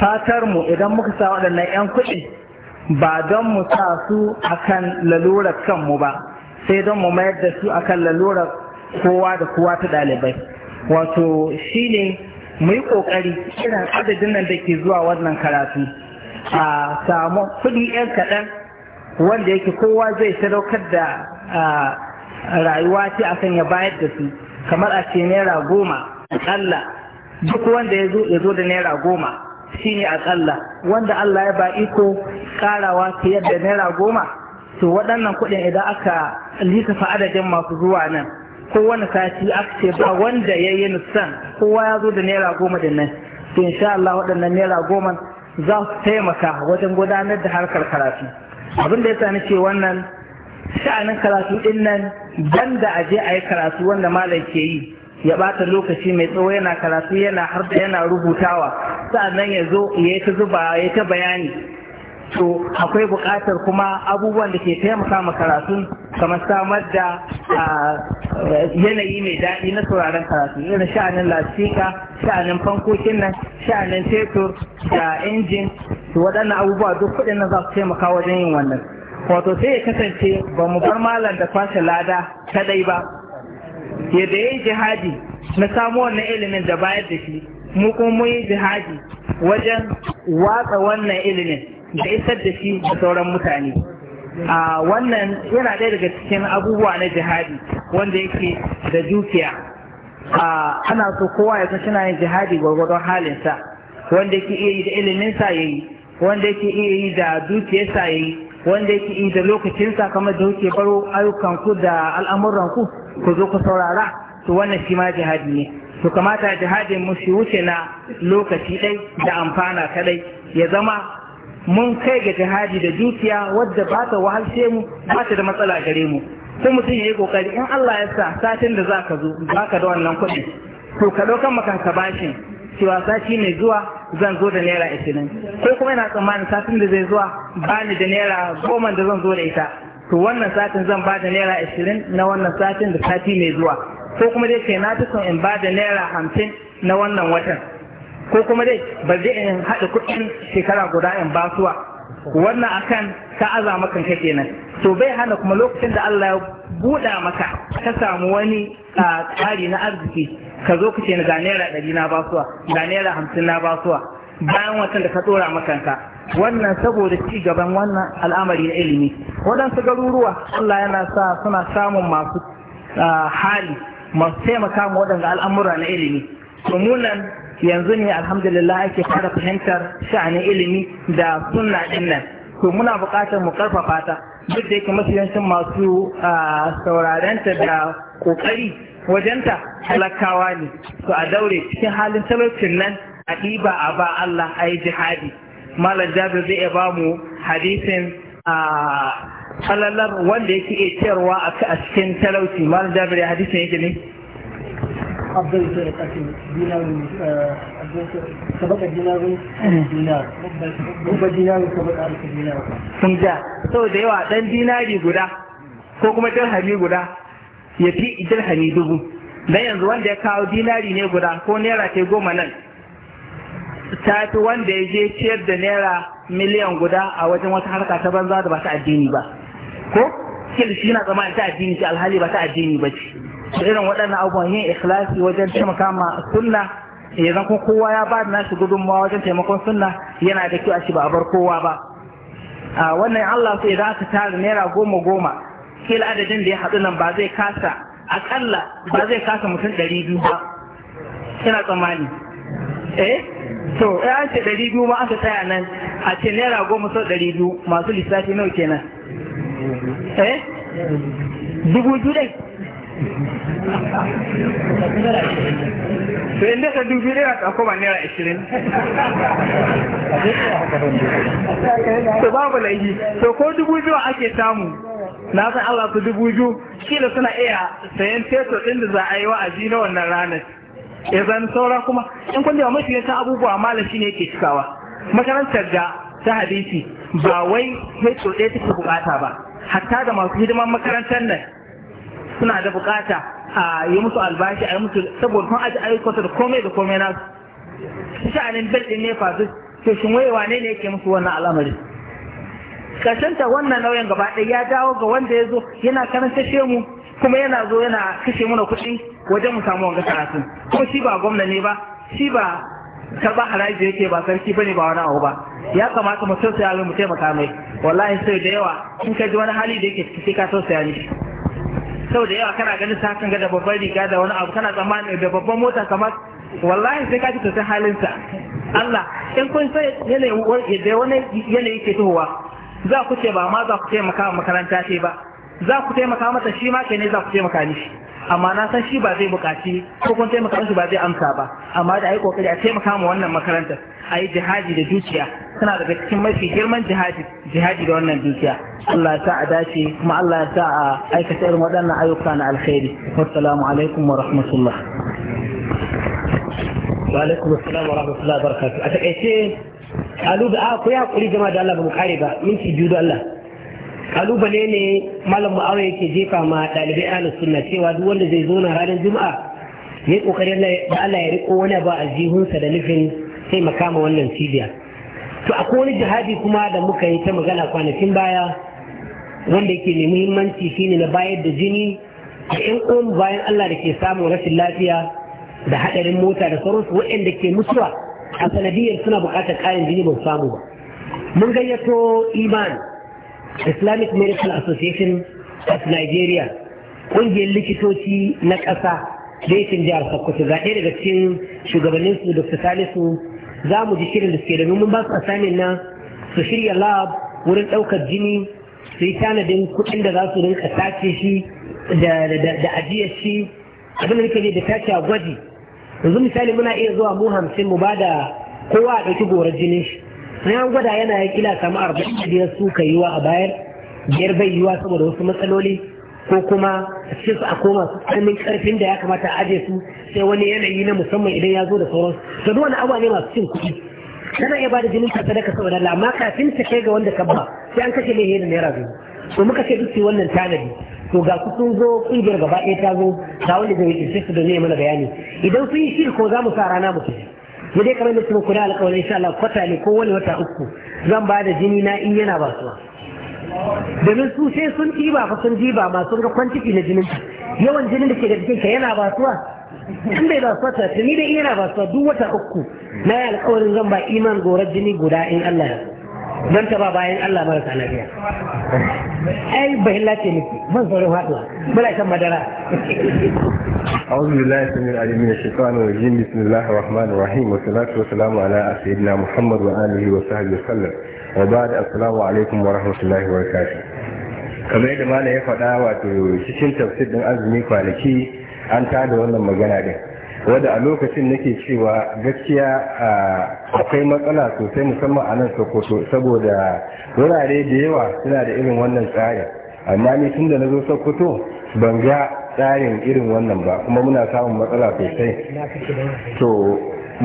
fatar mu idan muka sa waɗannan 'yan kuɗi ba don mu sa su akan lalurar mu ba sai don mu mayar da su akan lalurar kowa da kowa ta ɗalibai wato shine mu yi ƙoƙari irin adadin nan da ke zuwa wannan karatu a samu kuɗi 'yan kaɗan wanda yake kowa zai sadaukar da rayuwa ce akan ya bayar da su kamar a ce naira goma aƙalla duk wanda ya zo da naira goma shi ne aƙalla wanda Allah ya ba iko ƙarawa fiye da naira goma to waɗannan kuɗin idan aka lissafa adadin masu zuwa nan ko wani sati aka ce ba wanda ya yi nisan kowa ya zo da naira goma da nan to insha Allah waɗannan naira goma za su taimaka wajen gudanar da harkar karatu abin da yasa nake wannan sha'anin karatu din nan dan da aje a yi karatu wanda malam ke yi ya bata lokaci mai tsawo yana karatu yana har yana rubutawa sa'annan ya zo ya ta zuba ya ta bayani to akwai buƙatar kuma abubuwan da ke taimaka ma karatu kamar samar da yanayi mai daɗi na sauraron karatu irin sha'anin lasika sha'anin fankokin nan sha'anin fetur da injin to waɗannan abubuwa duk kuɗin nan za su taimaka wajen yin wannan wato sai ya kasance ba mu bar malam da kwashe lada kaɗai ba yadda ya yi jihadi na samu wannan ilimin da bayar da shi mu kuma mun yi jihadi wajen watsa wannan ilimin da isar da shi da sauran mutane a wannan yana ɗaya daga cikin abubuwa na jihadi wanda yake da dukiya ana so kowa ya san suna yin jihadi gwargwadon halinsa wanda yake iya yi da iliminsa ya yi wanda yake iya yi da dukiyarsa ya yi wanda yake yi da lokacinsa kamar da yake baro ayyukanku da al'amuranku ku zo ku saurara to wannan shi ma jihadi ne to kamata jihadin mu shi wuce na lokaci ɗai da amfana kaɗai ya zama mun kai ga jihadi da dukiya wadda ba ta wahalce mu ba ta da matsala gare mu sai mutum ya yi kokari in Allah ya sa satin da za ka zo ba ka da wannan kuɗi to ka ɗaukan makanka bashin cewa sati mai zuwa zan zo da naira ashirin ko kuma yana tsammanin satin da zai zuwa ba da naira goma da zan zo da ita to wannan satin zan ba da naira ashirin na wannan satin da sati mai zuwa ko kuma dai kai na in ba da naira hamsin na wannan watan ko kuma dai ba zai in haɗa kuɗin shekara guda in basuwa wannan akan ka aza maka kenan to bai hana kuma lokacin da Allah ya buɗa maka ka samu wani tsari na arziki ka zo ka ce ga naira ɗari na basuwa ga naira hamsin na basuwa bayan watan da ka tsora makanka wannan saboda ci gaban wannan al'amari na ilimi waɗansu garuruwa Allah yana sa suna samun masu hali masu taimaka ma waɗanda al'amura na ilimi to nan yanzu ne alhamdulillah ake fara fahimtar sha'anin ilimi da sunna dinnan. to muna buƙatar mu karfafa ta duk da yake masu masu ta da ƙoƙari wajenta talakawa ne to a daure cikin halin talaucin nan a ɗiba a ba Allah a yi jihadi malam jabir zai iya ba mu hadisin falalar wanda yake iya ciyarwa a cikin talauci malam jabir ya hadisin yake ne دينار سبق دينار دينار دينار سبق دينار sun ja sau da yawa ɗan dinari guda ko kuma dirhami guda ya fi dirhami dubu dan yanzu wanda ya kawo dinari ne guda ko naira ta goma nan ta fi wanda ya je ciyar da naira miliyan guda a wajen wata harka ta banza da ba ta addini ba ko kilishi na zama ta addini ce alhali ba ta addini ba ce irin waɗannan abubuwan yin ikhlasi wajen taimaka ma sunna ya zan kuma kowa ya ba da nashi gudunmawa wajen taimakon sunna yana da kyau a shi ba a bar kowa ba a wannan Allah sai idan aka tara naira goma goma kila adadin da ya haɗu nan ba zai kasa akalla ba zai kasa mutum ɗari biyu ba ina tsammani eh to ya ce ɗari biyu ma aka tsaya nan a ce naira goma sau ɗari biyu masu lissafi nawa kenan eh dubu biyu dai to inda ka dubi naira ka kuma naira ashirin to babu laifi to ko dubu biyu ake samu na san Allah su dubu biyu shi da suna iya sayan teso ɗin da za a yi wa'azi na wannan ranar ya zan saura kuma in kun da mafi abubuwa malam shi ne yake cikawa makarantar da ta hadisi ba wai teso ɗaya take bukata ba hatta da masu hidiman makarantar nan suna da bukata a yi musu albashi a yi musu saboda kuma aji ayyukansu da komai da komai nasu sha'anin bil din ne fa to shin waye wane ne yake musu wannan al'amari karshen ta wannan nauyin gaba ɗaya ya dawo ga wanda ya zo yana kashe mu kuma yana zo yana kashe mana kuɗi wajen mu samu wanga karatu kuma shi ba gwamna ne ba shi ba karba haraji yake ba sarki bane ba wani abu ba ya kamata mu tausaya mu taimaka mai wallahi sai da yawa in ka ji wani hali da yake ciki ka tausaya ne sau da yawa kana ganin sa kan ga da babban riga da wani abu kana tsammani da babban mota kamar wallahi sai ka ji sosai halinsa Allah in kun sai yanayi da wani yanayi ke tuhowa za ku ce ba ma za ku taimaka makaranta ce ba za ku taimaka mata shi ma ke ne za ku taimaka ni? amma na san shi ba zai bukaci ko kun taimaka musu ba zai amsa ba amma da ayi kokari a taimaka ma wannan makarantar a jihadi da dukiya suna daga cikin mafi girman jihadi jihadi da wannan dukiya Allah ya sa a dace kuma Allah ya sa a aikata irin waɗannan ayyuka na alkhairi wassalamu alaikum wa rahmatullah wa alaikum assalam wa rahmatullahi wa barakatuh a takaice alu da a ku ya hakuri jama'a da Allah ba mu kare ba minti biyu da Allah kalubale ne malam ma'aure yake jefa ma ɗalibai ahlus sunna cewa duk wanda zai zo na ranar juma'a ne kokarin da Allah ya riko wani ba a jihunsa da nufin sai makama wannan cibiya to akwai wani jihadi kuma da muka yi ta magana kwanakin baya wanda yake mai muhimmanci shine na bayar da jini a yan uwan bayan Allah da ke samun rashin lafiya da hadarin mota da sauransu waɗanda ke mutuwa a sanadiyar suna buƙatar ƙarin jini ba samu ba mun gayyato iman islamic medical association of nigeria ƙungiyar likitoci na ƙasa da yakin jihar sokoto ga ɗaya daga cikin shugabannin su dr salisu za mu ji shirin da suke domin mun ba su asamin na su shirya lab wurin ɗaukar jini su yi tanadin kuɗin da za su rinka tace shi da ajiyar shi abin da nake ne da tace a gwaji yanzu misali muna iya zuwa mu hamsin mu ba da kowa a ɗauki gorar jinin shi an gwada yana ya kila samu arba'in da biyar yi wa a bayar biyar bai yi wa saboda wasu matsaloli ko kuma cikin su a koma su tsanin karfin da ya kamata a aje su sai wani yanayi na musamman idan ya zo da sauransu da duk wani abuwa ne masu cin kuɗi kana iya bada jinin kasa sadaka saboda Allah amma kafin ta kai ga wanda ka ba sai an kashe mai da naira biyu to muka ce duk wannan tanadi to ga ku sun zo kungiyar gaba ɗaya ta zo ga wanda zai yi su da zai mana bayani idan sun yi ko za mu sa rana mu kai mu dai kamar mutum kuna alƙawarin insha Allah kwata ne ko wani wata uku zan ba da jini na in yana ba suwa domin su sai sun ɗiba fa sun ɗiba ma sun ga kwantiki na jinin yawan jinin da ke da jikinka yana ba suwa in bai ba suwa ta ni in yana ba suwa duk wata uku na yi alƙawarin zan ba iman gorar jini guda in Allah ya so don ta ba bayan Allah marasa lafiya ai bahin lafiya miki ban saurin haɗuwa muna shan madara أعوذ بالله السميع العليم من الشيطان الرجيم بسم الله الرحمن الرحيم والصلاة والسلام على سيدنا محمد وآله وصحبه وسلم وبعد السلام عليكم ورحمة الله وبركاته kamar yadda malam ya faɗa wato cikin tafsir din azumi kwanaki an tada wannan magana din wadda a lokacin nake cewa gaskiya akwai matsala sosai musamman a nan sokoto saboda wurare da yawa suna da irin wannan tsarin amma ni tun da na zo sokoto ban ga tsarin irin wannan ba kuma muna samun matsala sosai to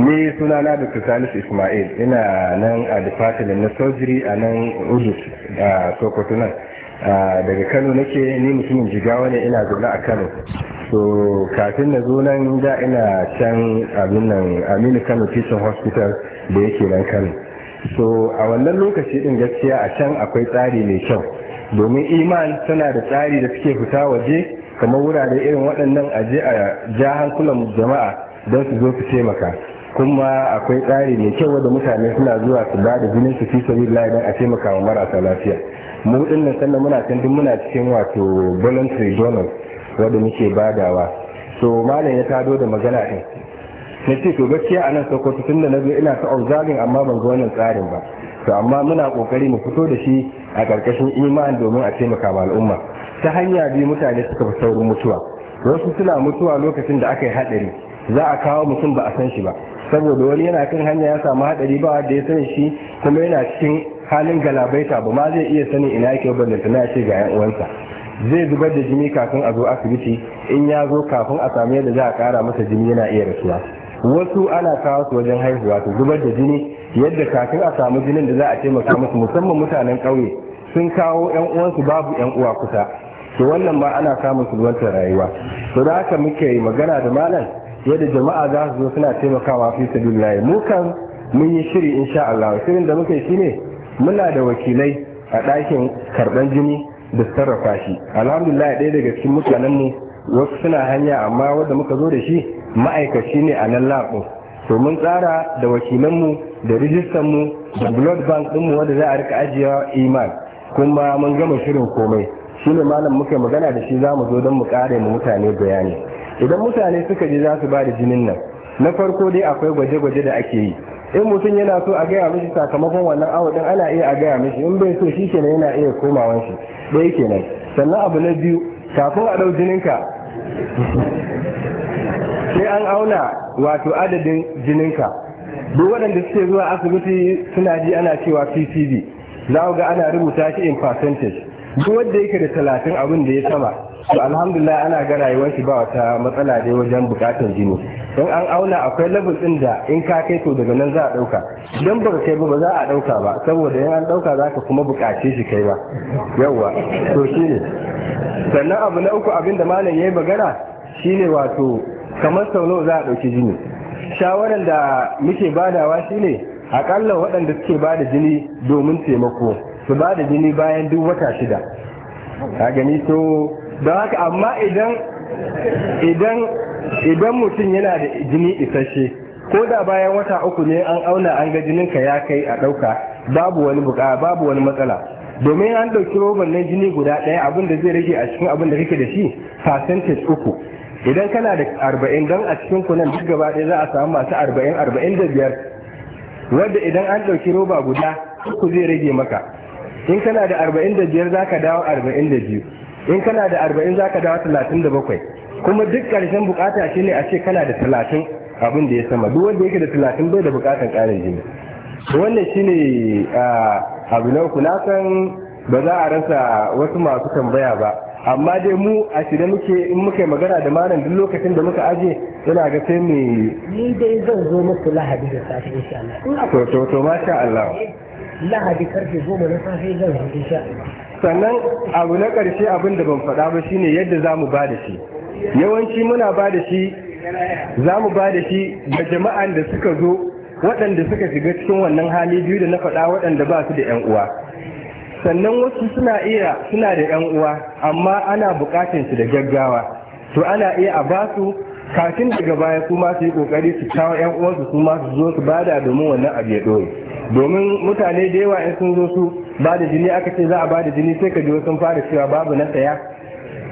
ni suna na da Salisu Ismail ina nan a department na surgery a nan Udus a Sokoto nan daga kano nake ni mutumin jigawa ne ina zaune a kano so kafin na zo nan da ina can abin nan aminu kano teaching hospital da yake nan kano so a wannan lokaci din gaskiya a can akwai tsari mai kyau domin iman tana da tsari da suke fita waje kamar wurare irin waɗannan aje a ja hankulan jama'a don su zo su taimaka kuma akwai tsari mai kyau wanda mutane suna zuwa su ba da jinin su fi sabi don a taimaka wa marasa lafiya mu din nan sannan muna can duk muna cikin wato voluntary donors wanda muke badawa so malam ya tado da magana din na ce to gaskiya a nan sokoto tun da na zo ina ta auzalin amma ban ga wannan tsarin ba to amma muna kokari mu fito da shi a karkashin iman domin a taimaka ma al'umma ta hanya biyu mutane suka fi saurin mutuwa wasu suna mutuwa lokacin da aka yi hadari za a kawo mutum ba a san shi ba saboda wani yana kan hanya ya samu hadari ba da ya sani shi kuma yana cikin halin galabaita ba ma zai iya sani ina yake ballanta na ce ga yan uwansa zai zubar da jini kafin a zo asibiti in ya zo kafin a samu yadda za a kara masa jini yana iya rasuwa wasu ana kawo su wajen haihuwa su zubar da jini yadda kafin a samu jinin da za a taimaka musu musamman mutanen kauye sun kawo yan uwansu babu yan uwa kusa to wannan ma ana samun sulwantar rayuwa to da haka muke magana da malam yadda jama'a za su zo suna taimakawa fi sabilillah mu kan mun yi shiri insha Allah shirin da muke shi ne. muna da wakilai a ɗakin karɓar jini da sarrafa shi alhamdulillah ɗaya daga cikin mutanen mu wasu suna hanya amma wanda muka zo da shi ma'aikaci ne a nan labo to mun tsara da wakilan wakilanmu da rijistan mu da blood bank mu wanda za a rika ajiyewa iman kuma mun gama shirin komai shine malam muka magana da shi za mu zo don mu kare mu mutane bayani idan mutane suka je za su ba da jinin nan na farko dai akwai gwaje-gwaje da ake yi in mutum yana so a gaya mishi sakamakon wannan awa din ana iya a gaya mishi in bai so shi ke yana iya komawan shi da yake nan sannan abu na biyu kafin a ɗau jininka sai an auna wato adadin jinin ka duk waɗanda suke zuwa asibiti suna ji ana cewa ccd za ga ana rubuta shi in percentage duk wanda yake da talatin abin da ya sama to alhamdulillah ana ga rayuwar shi ba wata matsala dai wajen bukatar jini don an auna akwai level din da in ka kai to daga nan za a dauka idan ba kai ba za a dauka ba saboda in an dauka za ka kuma bukace shi kai ba yawa to shine sannan abu na uku abin da malam yayi magana shine wato kamar sau za a dauki jini shawaran da muke badawa shine akalla waɗanda suke bada jini domin taimako su ba da jini bayan duk wata shida ka gani to don haka amma idan idan idan mutum yana da jini isasshe ko da bayan wata uku ne an auna an ga jininka ya kai a ɗauka babu wani buka babu wani matsala domin an ɗauki roban na jini guda ɗaya abin da zai rage a cikin abin da kake da shi percentage uku idan kana da arba'in don a cikin kunan duk gaba ɗaya za a samu masu arba'in arba'in da biyar wadda idan an ɗauki roba guda uku zai rage maka in kana da arba'in da biyar za ka dawo arba'in da biyu in kana da arba'in za ka dawo talatin da bakwai kuma duk ƙarshen bukata shi ne a ce kana da talatin abin da ya sama duk wanda yake da talatin bai da bukatan ƙarin jini wannan shi ne abu na uku na san ba za a rasa wasu masu tambaya ba amma dai mu a shirye muke in muka yi magana da malam duk lokacin da muka aje yana ga sai mu ni dai zan zo muku lahadi da safe insha Allah to to to masha Allah lahadi karfe goma na safe zan zo insha Allah sannan abu na ƙarshe abin da ban faɗa ba shine yadda za mu ba da shi yawanci muna ba da shi za mu ba da shi ga jama'an da suka zo waɗanda suka shiga cikin wannan hali biyu da na faɗa waɗanda ba su da 'yan uwa sannan wasu suna iya suna da 'yan uwa amma ana buƙatar su da gaggawa to ana iya a ba su kafin daga baya kuma su yi kokari su kawo yan uwansu su ma su zo su bada domin wannan abu ya dore domin mutane da yawa in sun zo su bada jini aka ce za a bada jini sai ka ji sun fara cewa babu na saya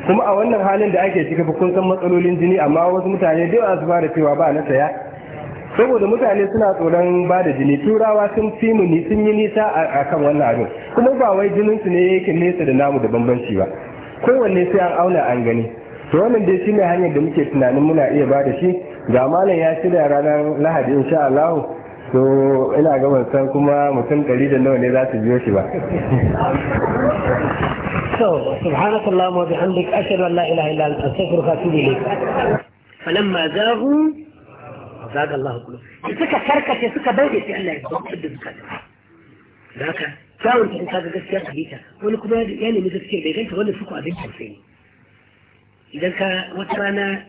kuma a wannan halin da ake cika kun san matsalolin jini amma wasu mutane da yawa su fara cewa ba na saya saboda mutane suna tsoron ba da jini turawa sun fi mu sun yi nisa a kan wannan abin kuma ba wai jininsu ne yake nesa da namu da bambanci ba kowanne sai an auna an gani to wannan dai shine hanyar da muke tunanin muna iya ba da shi ga malam ya shirya ranar lahadi insha Allah so ina ga san kuma mutum ɗari da nawa ne za su biyo shi ba so subhanakallahumma wa bihamdika ashhadu an la ilaha illa anta astaghfiruka wa atubu ilayk فلما زاغوا زاغ الله قلوبهم suka karkace suka bauɗe sai Allah ya bautar da zukata da haka kyawun ta in kaga gaskiya a bita wani kuma ya nemi gaskiya bai ganta wani suku abin tausayi idan ka wata rana